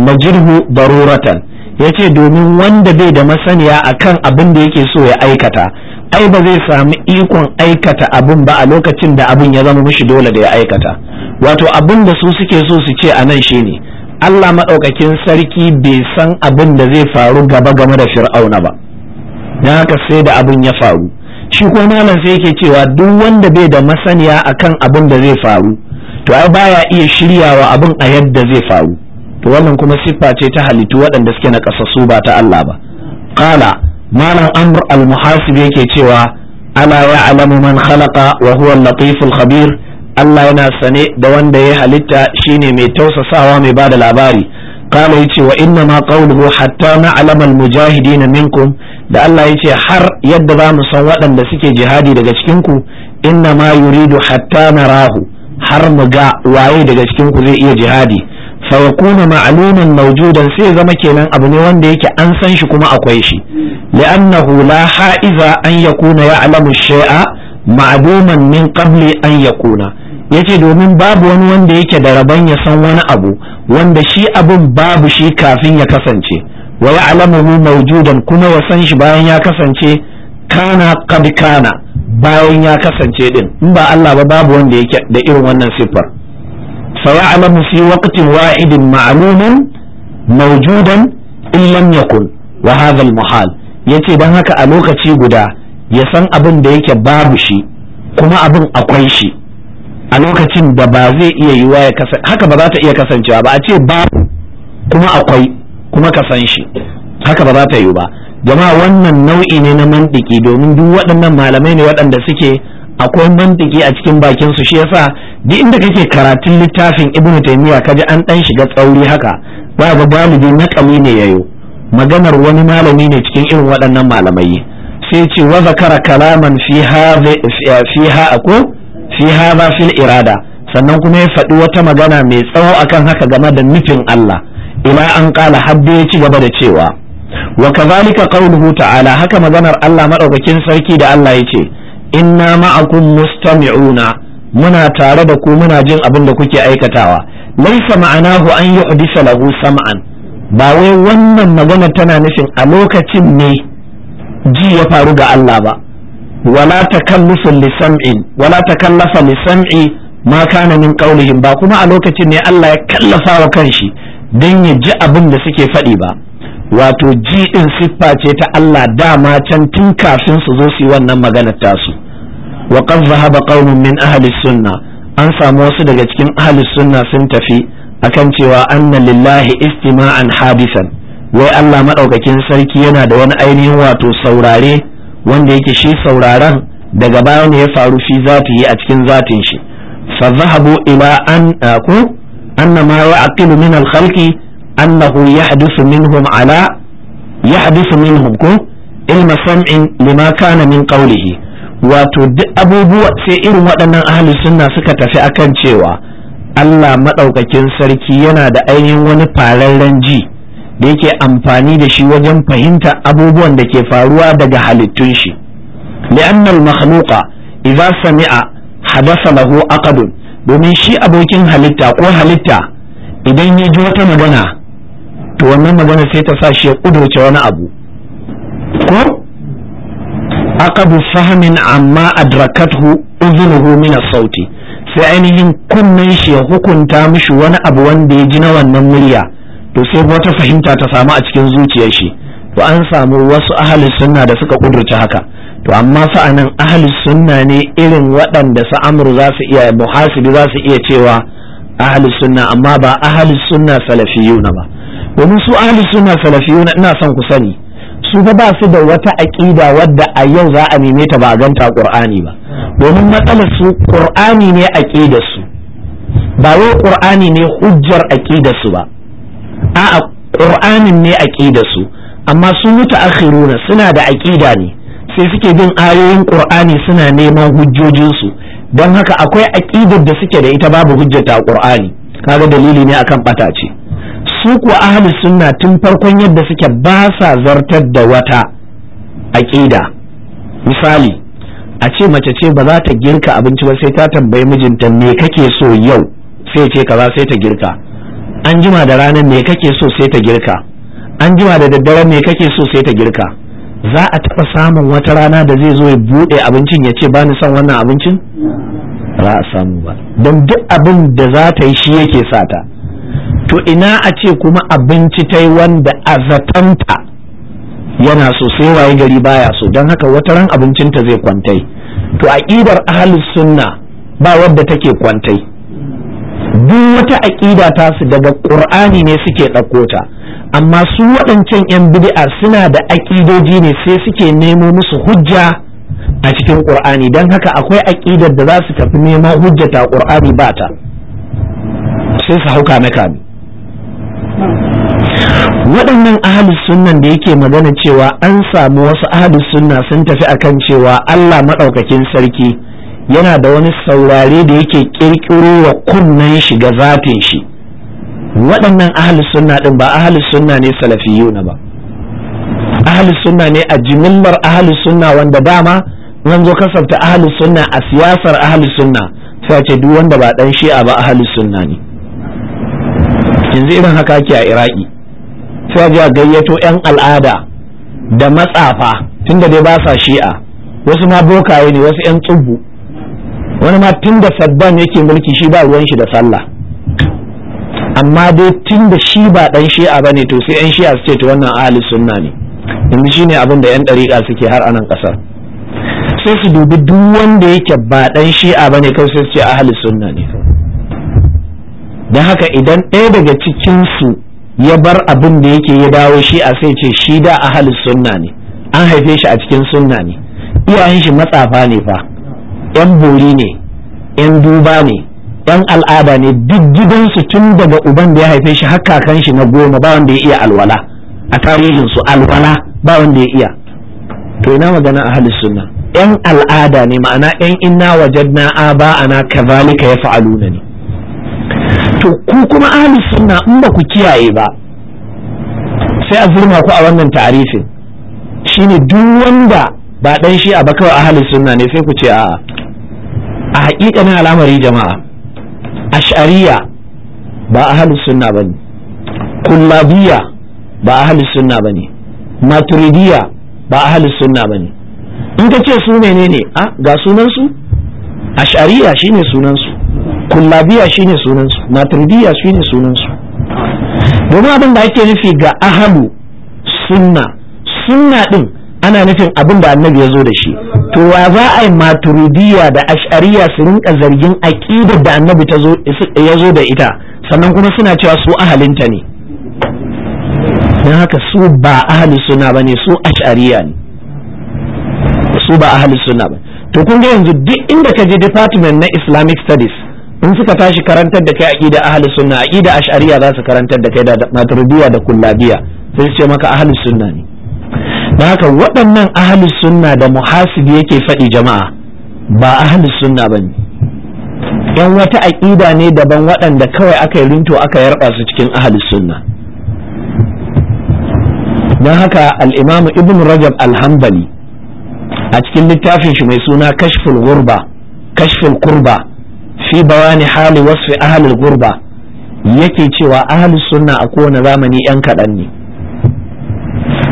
majruhu daruratan ya ce domin wanda bai da masaniya akan abin da yake so ya aikata ai ba zai sami ikon aikata abin ba a lokacin da abin ya zama mushi dole da ya aikata wato abin da su suke so su ce a nan shi ne. Allah maɗaukakin sarki bai san abin da zai faru gaba game da fir'auna ba na haka sai da abin ya faru shi ko malam sai yake cewa duk wanda bai da masaniya akan abin da zai faru to ai baya iya shiryawa abin a yadda zai faru to wannan kuma siffa ce ta halittu waɗanda suke na kasassu ba ta Allah ba qala malam amr al-muhasib yake cewa ala ya'lamu man khalaqa wa huwa al-latif al-khabir Allah yana sane da wanda ya halitta shine mai tausasawa mai bada labari qala yace wa inna ma qawluhu hatta na'lama al-mujahidin minkum da Allah yace har yadda za mu san waɗanda suke jihadi daga cikin ku inna ma yuridu hatta narahu har mu ga waye daga cikin ku zai iya jihadi fayakuna ma'luman mawjudan sai zama kenan abu ne wanda yake an san shi kuma akwai shi li'annahu la ha'iza an ya alamu shai'a ma'luman min qabli an Ya yace domin babu wani wanda yake da rabon ya san wani abu wanda shi abun babu shi kafin ya kasance wa ya alamu maujudan kuma wa san shi bayan ya kasance kana qad kana bayan ya kasance din in ba Allah ba babu wanda yake da irin wannan siffar فيعلم في وقت واحد معلوم موجودا إن لم يكن وهذا المحال yace don haka a lokaci guda ya san abin da yake babu shi kuma abin akwai shi a lokacin da ba zai iya yiwa ya kasance haka ba za ta iya kasancewa ba a ce babu kuma akwai kuma ka san shi haka ba za ta yiwu ba jama'a wannan nau'i ne na mandiki domin duk waɗannan malamai ne waɗanda suke akwai mantiki a cikin bakin su shi yasa duk inda kake karatun littafin ibn Taymiyyah kaji an dan shiga tsauri haka ba ga galibi nakami ne yayo maganar wani malami ne cikin irin waɗannan malamai sai ce wa zakara kalaman fi ha ako fi ha fil irada sannan kuma ya faɗi wata magana mai tsawo akan haka game da nufin Allah ila an kala habbe ya ci gaba da cewa wa kazalika qauluhu ta'ala haka maganar Allah madaukakin sarki da Allah ya ce. inna ma'akum mustami'una muna tare da ku muna jin abin da kuke aikatawa laysa ma'anahu an yuhdisa lahu sam'an ba wai wannan magana tana nufin a lokacin ne ji ya faru ga Allah ba wala takallufu lisam'in wala takallafa lisam'i ma kana min qaulihim ba kuma a lokacin ne Allah ya kallafa wa kanshi dan ya ji abin da suke faɗi ba wato ji din siffa ce ta Allah dama can tun kafin su zo su yi wannan magana su. wa qad zahaba qaumun min ahli sunna an samu wasu daga cikin ahli sunna sun tafi akan cewa anna lillahi istima'an hadisan wai Allah madaukakin sarki yana da wani ainihin wato saurare wanda yake shi sauraren daga bayan ya faru fi yi a cikin zatin shi fa zahabu ila an ku anna ma ya'qilu min al-khalqi annahu yahdusu minhum ala yahdusu minhum ko ilma sam'in lima kana min qawlihi wato duk abubuwa sai irin waɗannan ahli sunna suka tafi akan cewa Allah maɗaukakin sarki yana da ainihin wani fararren ji da yake amfani da shi wajen fahimta abubuwan da ke faruwa daga halittun shi li'annal makhluqa idza sami'a hadasa lahu aqdun domin shi abokin halitta ko halitta idan ya ji wata magana to wannan magana sai ta sa shi ya kudurce wani abu ko aqadu fahmin amma adrakathu uzunuhu min sauti sai ainihin kunnen shi ya hukunta mishi wani abu wanda ya ji na wannan murya to sai wata fahimta ta samu a cikin zuciyar shi to an samu wasu ahli sunna da suka kudurce haka to amma fa anan sunna ne irin waɗanda sa'amur za su iya muhasibi za su iya cewa ahalus sunna amma ba ahli sunna salafiyuna ba domin su ahli sunna salafiyuna ina son ku sani su ba su da wata aƙida wadda a yau za a neme ta ba a ganta qur'ani ba domin matsalar su ƙur'ani ne aƙidar su ba wai ƙur'ani ne hujjar aƙidar su ba a'a ƙur'anin ne aƙidar su amma su mutaakhiruna suna da aƙida ne sai suke bin ayoyin ƙur'ani suna neman hujjojinsu don haka akwai aƙidar da suke da ita babu hujjata a ka kaga dalili ne akan ɓata ce su ku ahli sunna tun farkon yadda suke ba sa zartar da wata aƙida misali a ce mace ce ba za ta girka abinci ba sai ta tambayi mijinta me kake so yau sai ce kaza sai ta girka an jima da ranar me kake so sai ta girka an jima da daddare me kake so sai ta girka za a taɓa samun wata rana da zai zo ya buɗe abincin ya ce ba ni son wannan abincin ba a samu ba don duk abin da za ta yi shi yake sata to ina a ce kuma abinci ta wanda a zatanta yana so sai waye gari baya so don haka wata ran abincinta zai kwantai to aƙidar ahlus sunna ba wadda take kwantai duk wata aƙida ta su daga ƙur'ani ne suke ɗauko ta amma su waɗancan 'yan bid'a suna da aƙidoji ne sai suke nemo musu hujja a cikin ƙur'ani don haka akwai aƙidar da za su tafi neman hujjata ƙur'ani ba ta sai su hauka na kame waɗannan ahalus sunnan da yake magana cewa an samu wasu ahalus sunna sun tafi akan cewa Allah maɗaukakin sarki yana da wani saurare da yake ƙirƙiro wa kunnen shi ga zafin shi waɗannan ahalus sunna ɗin ba ahalus sunna ne salafiyuna ba ahalus sunna ne a jimillar ahalus sunna wanda dama zan zo kasafta ahalus sunna a siyasar ahalus sunna sai duk wanda ba ɗan shi'a ba ahalus sunna ne yanzu irin haka ake a iraki sai a gayyato 'yan al'ada da matsafa tunda dai ba sa shi'a wasu ma bokaye ne wasu 'yan tsubu wani ma tun da sabban yake mulki shi ba ruwan shi da sallah amma dai tun da shi ba dan shi'a ba to sai 'yan shi'a su ce to wannan ahli sunna ne yanzu shine abin da 'yan ɗariƙa suke har anan ƙasar sai su dubi duk wanda yake ba dan shi'a ba ne kawai sai su ce ahli sunna ne don haka idan ɗaya daga cikinsu ya bar abin da yake ya dawo shi a sai ce shi da halin sunna ne an haife shi a cikin sunna ne iyayen shi matsafa ne fa yan bori ne yan duba ne yan al'ada ne duk gidansu tun daga uban da ya haife shi har kakan shi na goma ba wanda ya iya alwala a tarihin su alwala ba wanda ya iya to ina magana halin sunna yan al'ada ne ma'ana yan inna wajadna aba ana kazalika ya fa'aluna ne to ku kuma ahli sunna in ba ku kiyaye ba sai a zurma ku a wannan tarifin shine duk wanda ba dan shi a kawai ahli sunna ne sai ku ce a'a a hakikanin al'amari jama'a ash'ariya ba ahli sunna bane kullabiya ba ahli sunna bane maturidiya ba ahli sunna bane in ka ce su menene ah, a ga sunan su ash'ariya shine sunan su kullabiya shine sunansu maturidiya shine sunansu domin abin da ake nufi ga ahalu sunna sunna din ana nufin abin da annabi ya zo da shi to wa za a yi maturidiya da ash'ariya su rinka zargin aƙidar da annabi ya zo da ita sannan kuma suna cewa su ahalinta ne don haka su ba ahali suna ba ne su ash'ariya ne su ba ahali suna ba to kun ga yanzu duk inda ka je department na islamic studies in suka tashi karantar da kai aqida ahlus sunna aqida ash'ariya za su karantar da kai da maturidiyya da kullabiya sai su ce maka ahlus sunna ne da haka waɗannan ahlus sunna da muhasibi yake faɗi jama'a ba ahli sunna ne. yan wata aqida ne daban waɗanda kawai aka yi rinto aka yarba su cikin ahli sunna don haka al ibn rajab alhambali a cikin littafin shi mai suna kashful gurba kashful kurba fi bayani hali wasfi ahlul gurba yake cewa ahlus sunna a kowane zamani yan kaɗan ne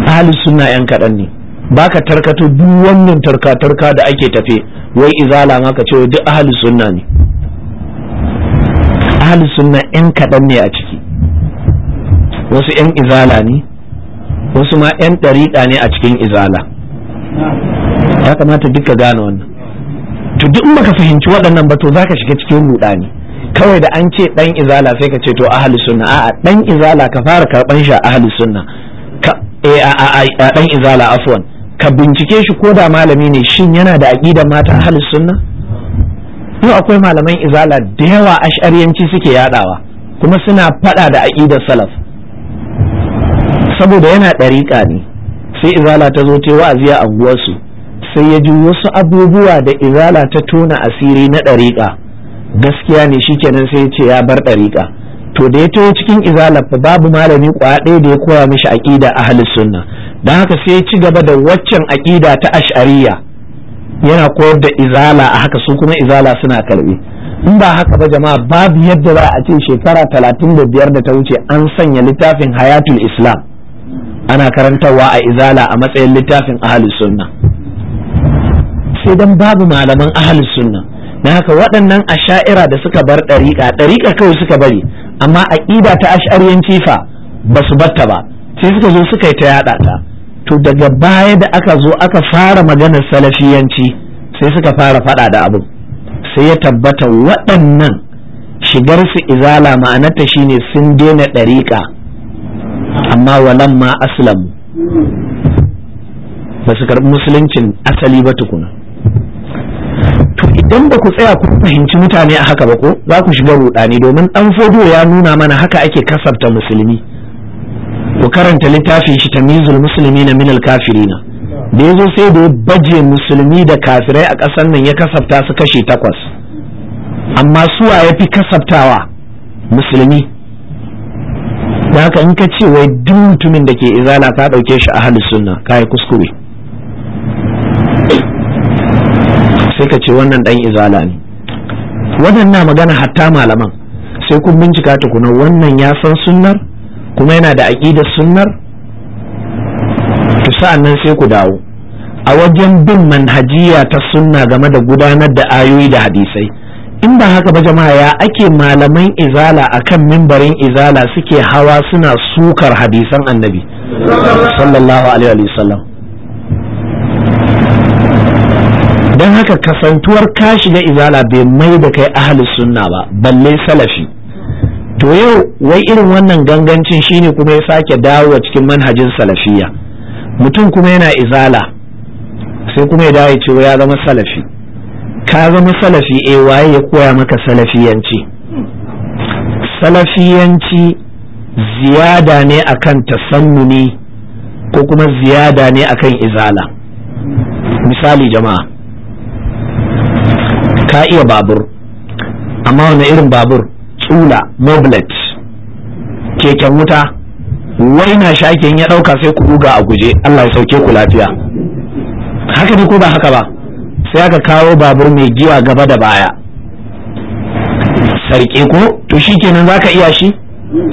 ahlus sunna yan kaɗan ne baka tarkato duk wannan tarka-tarka da ake tafe wai izala ma ka ce duk ahlus sunna ne ahlus sunna yan kaɗan ne a ciki wasu yan izala ne wasu ma yan ɗariɗa ne a cikin izala ya kamata duka gane wannan to duk maka fahimci waɗannan ba to zaka shiga cikin rudani kawai da an ce dan izala sai ka ce to ahli sunna a'a dan izala ka fara karban shi ahli sunna ka eh a a dan izala afwan ka bincike shi ko da malami ne shin yana da aqida mata ahli sunna to akwai malaman izala da yawa ash'ariyanci suke yadawa kuma suna fada da aqidar salaf saboda yana dariƙa ne sai izala ta zo ta wa'azi a anguwarsu sai ya ji wasu abubuwa da izala ta tona asiri na ɗariƙa gaskiya ne shikenan sai ya ce ya bar ɗariƙa to da ya taho cikin izala fa babu malami kwaya ɗaya da ya koya mishi aƙida halin sunna don haka sai ya ci gaba da waccan aƙida ta ash'ariyya yana koyar da izala a haka su kuma izala suna karbi in ba haka ba jama'a babu yadda za a ce shekara talatin da biyar da ta wuce an sanya littafin hayatul islam ana karantarwa a izala a matsayin littafin ahalus sunna sai dan babu malaman ahli sunna na haka waɗannan asha'ira da suka bar ɗariƙa ɗariƙa kawai suka bari amma aƙida ta ash'ariyanci fa basu su batta ba sai suka zo suka yi ta yaɗa ta to daga baya da aka zo aka fara maganar salafiyanci sai suka fara faɗa da abu sai ya tabbata waɗannan shigar su izala ma'anarta shine sun daina ɗariƙa amma ma aslamu ba su karɓi musuluncin asali ba tukuna idan ba ku tsaya ku fahimci mutane a haka ba ko za ku shiga rudani domin dan fodo ya nuna mana haka ake kasafta musulmi ku karanta littafin shi tamizul musulmi na minal kafirina da ya zo sai da ya baje musulmi da kafirai a ƙasar nan ya kasafta su kashe takwas amma suwa ya fi kasaftawa musulmi da haka in ka ce wai duk mutumin da ke izala ka ɗauke shi a sunna ka kuskure sai ka ce wannan dan izala ne waɗannan magana hatta malaman sai kun bincika tukuna wannan ya san sunnar kuma yana da aƙidar sunnar to sa'an nan sai ku dawo a wajen bin manhajiya ta sunna game da gudanar da ayoyi da hadisai in ba haka ba jama'a ya ake malaman izala akan mimbarin izala suke hawa suna sukar hadisan annabi sallallahu alaihi wasallam don haka kasantuwar ka shiga izala bai mai da kai ahalus sunna ba balle salafi to yau wai irin wannan gangancin shine kuma ya sake dawowa cikin manhajin salafiya mutum kuma yana izala sai kuma ya dawo ya ce ya zama salafi ka zama salafi E, waye ya koya maka salafiyanci salafiyanci ziyada ne akan tasannuni ko kuma ziyada ne akan izala misali jama'a ka iya babur amma wani irin babur tsula moblet keken wuta wai na shakin ya ɗauka sai ku buga a guje Allah ya sauke ku lafiya haka ne ko ba haka ba sai aka kawo babur mai giwa gaba da baya sarki ko to shi kenan za ka iya shi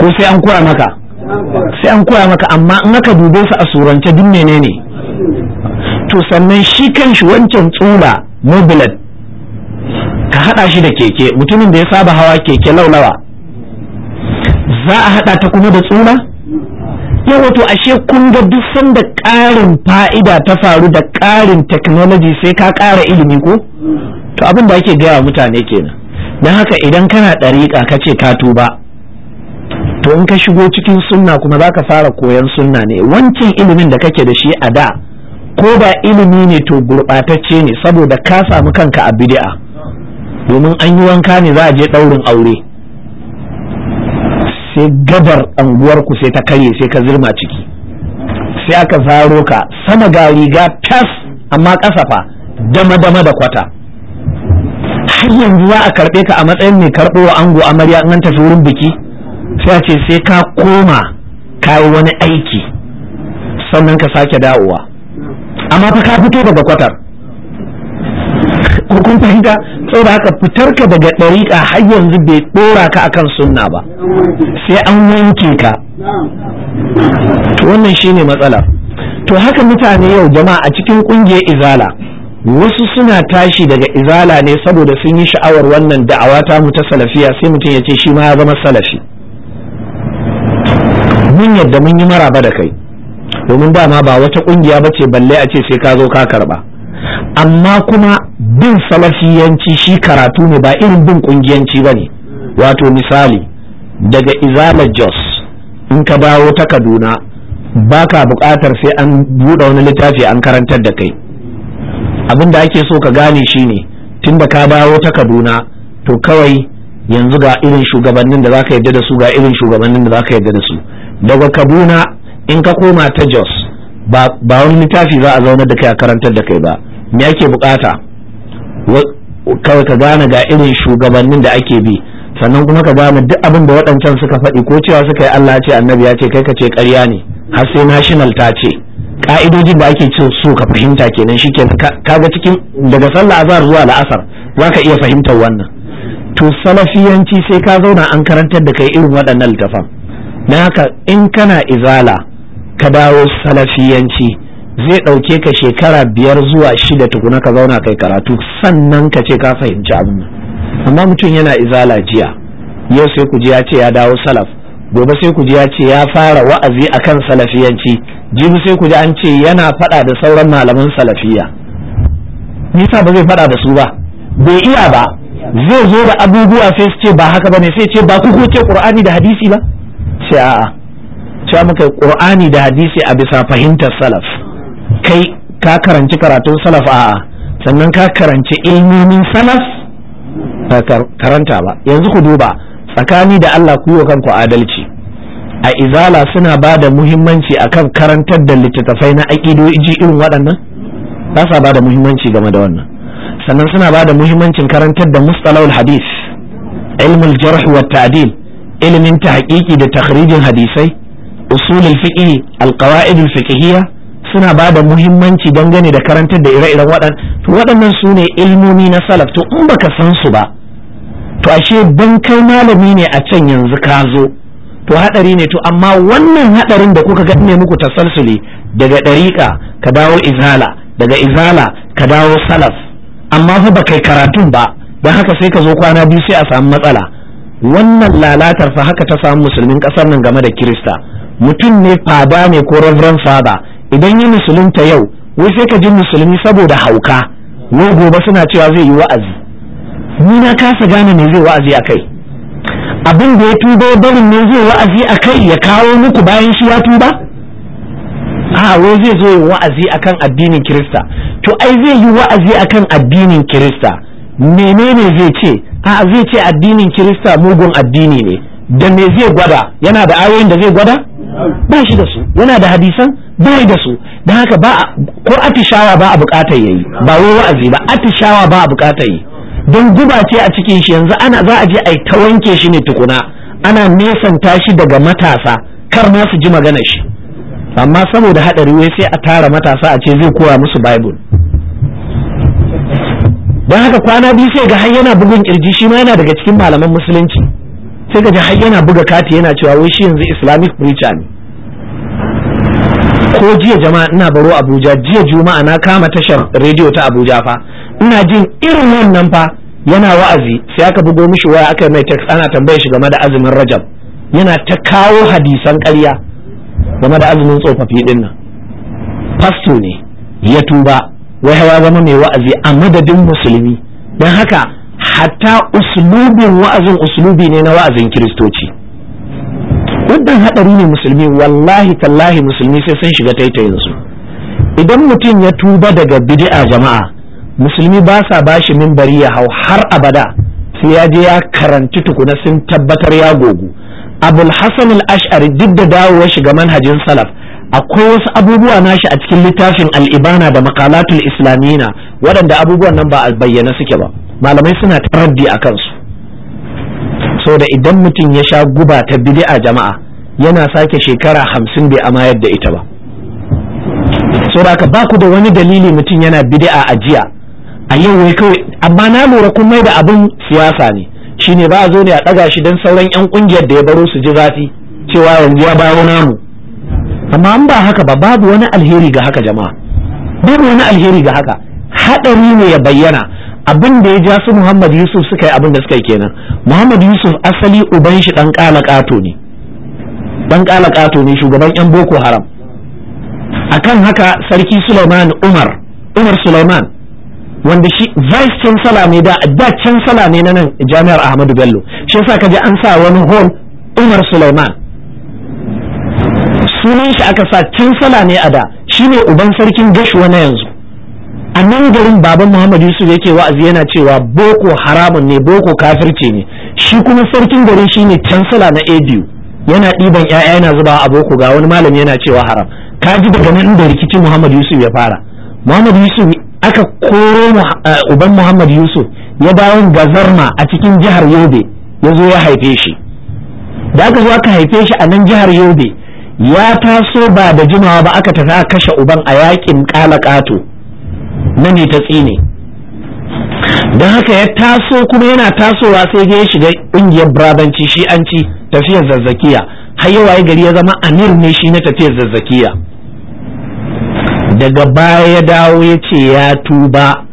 ko sai an koya maka sai an koya maka amma in aka dube su a surance duk menene to sannan shi kan shi wancan tsula mobilet ka haɗa shi da keke mutumin da ya saba hawa keke laulawa za a haɗa ta kuma da tsuna Yau wato ashe kun ga duk sanda ƙarin fa'ida ta faru da ƙarin technology sai ka ƙara ilimi ko to abin da ake gaya mutane kenan don haka idan kana ɗariƙa ka ce ka tuba to in ka shigo cikin sunna kuma za ka fara koyan sunna ne wancan ilimin da kake da shi a da ko ba ilimi ne to gurɓatacce ne saboda ka samu kanka a bid'a domin an yi wanka ne za a je ɗaurin aure sai gabar anguwarku sai ta karye sai ka zirma ciki sai aka zaro ka sama ga riga tas amma kasafa dama dama da kwata har yanzu za a karɓe ka a matsayin mai karɓo wa ango amarya in an tafi wurin biki sai a ce sai ka koma ka wani aiki sannan ka sake dawowa amma fa ka fito daga kwatar ko kun fahimta saboda haka fitar ka daga ɗariƙa har yanzu bai ɗora ka akan sunna ba sai an wanke ka to wannan shine matsala to haka mutane yau jama'a a cikin ƙungiyar izala wasu suna tashi daga izala ne saboda sun yi sha'awar wannan da'awa ta mu ta salafiya sai mutum ya ce shi ma ya zama salafi mun yadda mun yi maraba da kai domin dama ba wata ƙungiya ba ce balle a ce sai ka zo ka karba amma kuma bin salafiyanci shi karatu ne ba irin bin kungiyanci ba ne wato misali daga izala jos in ka bawo ta kaduna baka bukatar sai an buɗe wani littafi an karantar da kai abin da ake so ka gane shi ne tun da ka dawo ta kaduna to kawai yanzu ga irin shugabannin da za ka yadda da su ga irin shugabannin da za ka yadda da su daga kaduna in ka koma ta jos ba wani littafi za a zaunar da kai a karantar da kai ba me ake bukata kawai ka gane ga irin shugabannin da ake bi sannan kuma ka gane duk abin da waɗancan suka faɗi ko cewa suka yi Allah ce annabi ya ce kai ka ce ƙarya ne har sai national ta ce ka'idojin da ake cin so ka fahimta kenan shikenan kaga cikin daga sallah azhar zuwa la'asar za ka iya fahimtar wannan to salafiyanci sai ka zauna an karantar da kai irin waɗannan littafan na haka in kana izala ka dawo salafiyanci zai ɗauke ka shekara biyar zuwa shida tukuna ka zauna kai karatu sannan ka ce ka fahimci abin amma mutum yana izala jiya yau sai ku ji ya ce ya dawo salaf gobe sai ku ji ya ce ya fara wa'azi akan salafiyanci jibi sai ku ji an ce yana faɗa da sauran malaman salafiya nisa ba zai faɗa da su ba bai iya ba zai zo da abubuwa sai su ce ba haka ba ne sai ce ba ku ce qur'ani da hadisi ba sai a'a rubuta maka qur'ani da hadisi a bisa fahimtar salaf kai ka karanci karatun salaf a'a sannan ka karanci ilmomin salaf ba karanta ba yanzu ku duba tsakani da Allah ku yi kanku adalci a izala suna ba da muhimmanci akan karantar da littattafai na aƙidoji irin waɗannan ba sa ba da muhimmanci game da wannan sannan suna ba da muhimmancin karantar da mustalahul hadis ilmul jarh wa ta'dil ilimin tahqiqi da takhrijin hadisai al fiqh al fiqhiyya suna ba da muhimmanci dangane da karantar da ire-iren waɗannan to waɗannan su ne ilmomi na salaf to in baka san su ba to ashe ban kai malami ne a can yanzu ka zo to haɗari ne to amma wannan haɗarin da kuka ga ne muku tasalsuli daga ɗariƙa ka dawo izala daga izala ka dawo salaf amma fa baka kai karatun ba dan haka sai ka zo kwana biyu sai a samu matsala wannan lalatar fa haka ta samu musulmin ƙasar nan game da kirista mutum ne fada ne ko reverend father idan yi musulunta yau wai sai ka ji musulmi saboda hauka wai gobe suna cewa zai yi wa'azi ni na kasa gane me zai wa'azi a kai abin da ya tuba barin ne zai wa'azi a kai ya kawo muku bayan shi ya tuba a wai zai zo yin wa'azi akan addinin kirista to ai zai yi wa'azi akan addinin kirista menene zai ce a zai ce addinin kirista mugun addini ne da me zai gwada yana da ayoyin da zai gwada ba shi da su yana da hadisan ba da su don haka ba ko atishawa ba a bukatar yayi ba wai wa'azi ba atishawa ba a bukatar yi don guba ce a cikin shi yanzu ana za a je a ta wanke shi ne tukuna ana nesanta shi daga matasa kar ma su ji magana shi amma saboda hadari wai sai a tara matasa a ce zai koya musu bible don haka kwana biyu sai ga har yana bugun kirji shi ma yana daga cikin malaman musulunci sai ka ji har yana buga kati yana cewa wai shi yanzu islamic preacher ne ko jiya jama'a ina baro abuja jiya juma'a na kama tashar rediyo ta abuja fa ina jin irin wannan fa yana wa'azi sai aka bugo mishi waya aka mai text ana tambaye shi game da azumin rajab yana ta kawo hadisan ƙarya game da azumin tsofaffi din nan fasto ne ya tuba wai hawa zama mai wa'azi a madadin musulmi don haka hatta uslubin wa'azin uslubi ne na wa'azin kiristoci wannan haɗari ne musulmi wallahi tallahi musulmi sai sun shiga taitayinsu idan mutum ya tuba daga bidi'a jama'a musulmi ba sa bashi mimbari ya hau har abada sai ya je ya karanci tukuna sun tabbatar ya gogu abul hasan al-ash'ari duk da dawowa shiga manhajin salaf akwai wasu abubuwa nashi a cikin littafin al'ibana da maqalatul islamina waɗanda abubuwan nan ba a bayyana suke ba malamai suna taraddi a kansu saboda idan mutum ya sha guba ta bid'a jama'a yana sake shekara hamsin bai amayar da ita ba saboda ba ku da wani dalili mutum yana bid'a a jiya a yau wai kawai amma na lura kun mai da abin siyasa ne shine ba a zo ne a ɗaga shi don sauran 'yan ƙungiyar da ya baro su ji zafi cewa yanzu ya bayo namu amma an ba haka ba babu wani alheri ga haka jama'a babu wani alheri ga haka haɗari ne ya bayyana abin da ya ja su Muhammad Yusuf suka yi abin da suka yi kenan Muhammad Yusuf asali uban shi dan kala kato ne dan kala kato ne shugaban yan Boko Haram akan haka sarki Sulaiman Umar Umar Sulaiman wanda shi vice chancellor ne da da chancellor ne na nan jami'ar Ahmadu Bello shi yasa kaje an sa wani hall Umar Sulaiman sunan shi aka sa chancellor ne a da shine uban sarkin Gashuwa na yanzu a nan garin baban Muhammad Yusuf yake wa'azi yana cewa boko haramun ne boko kafirce ne shi kuma sarkin shi shine kansala na ABU yana ɗiban 'ya'ya yana zuba a boko ga wani malami yana cewa haram ka ji daga nan da rikici Muhammad Yusuf ya fara Muhammad Yusuf aka koro eh, uban Muhammad Yusuf ya dawo gazarma a cikin jihar Yobe ya zo ya haife shi da aka zo aka haife shi a nan jihar Yobe ya taso ba da jimawa ba aka tafi a kashe uban a yakin kato. nan ne ta tsine don haka ya taso kuma yana tasowa sai ya shiga ƙungiyar brabanci shi an ci tafiyar zazzakiya har ya gari ya zama amir ne shi na tafiyar zazzakiya daga baya ya dawo ya ce ya tuba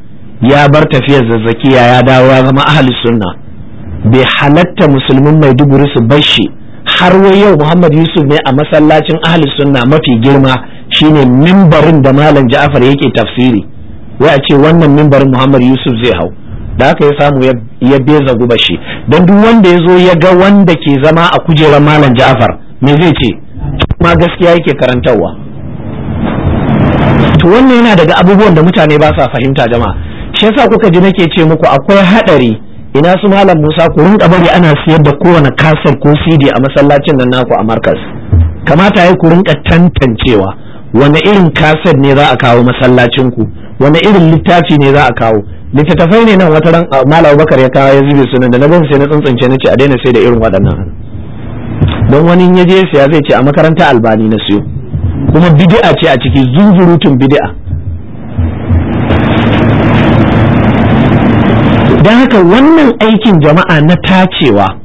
ya bar tafiyar zazzakiya ya dawo ya zama ahli sunna bai halatta musulmin maiduguri su bar shi har wai yau muhammad yusuf ne a masallacin ahli sunna mafi girma shine mimbarin da malam ja'afar yake tafsiri wai a ce wannan mimbarin Muhammad Yusuf zai hau da haka ya samu ya beza guba shi don duk wanda ya zo ya ga wanda ke zama a kujerar malam Ja'far me zai ce ma gaskiya yake karantarwa to wannan yana daga abubuwan da mutane ba sa fahimta jama'a shi yasa kuka ji nake ce muku akwai hadari ina su malam Musa ku rinka bari ana siyar da kowane kasar ko CD a masallacin nan naku a markas kamata ya ku rinka tantancewa wani irin kasar ne za a kawo masallacin ku wani irin littafi ne za a kawo littattafai ne nan wata ran malam bakar ya kawo ya zube sunan da na gan sai na tsuntsance na ce a daina sai da irin waɗannan don wani ya je siya zai ce a makaranta albani na siyo kuma bidi'a ce a ciki zunzurutun bidi'a don haka wannan aikin jama'a na tacewa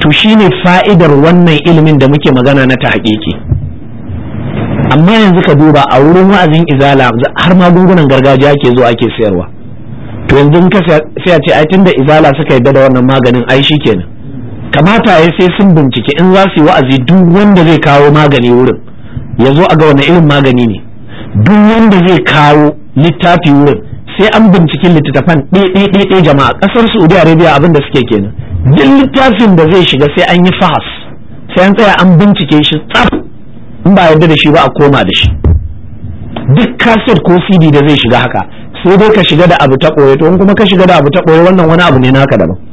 to shine fa'idar wannan ilimin da muke magana na ta hakiki amma yanzu ka duba a wurin wa'azin izala har magungunan gargajiya ke zo ake sayarwa to yanzu ka sai a ce ai tunda izala suka yadda da wannan maganin ai kenan kamata ya sai sun bincike in za su yi wa'azi duk wanda zai kawo magani wurin ya zo a ga wani irin magani ne duk wanda zai kawo littafi wurin sai an binciki littattafan ɗaiɗaiɗaiɗai jama'a ƙasar saudi arabia abin da suke kenan duk littafin da zai shiga sai an yi fahas sai an tsaya an bincike shi tsaf in ba yadda da shi ba a koma da shi duk kaset ko cd da zai shiga haka sai dai ka shiga da abu ta ɓoye to in kuma ka shiga da abu ta ɓoye wannan wani abu ne naka daban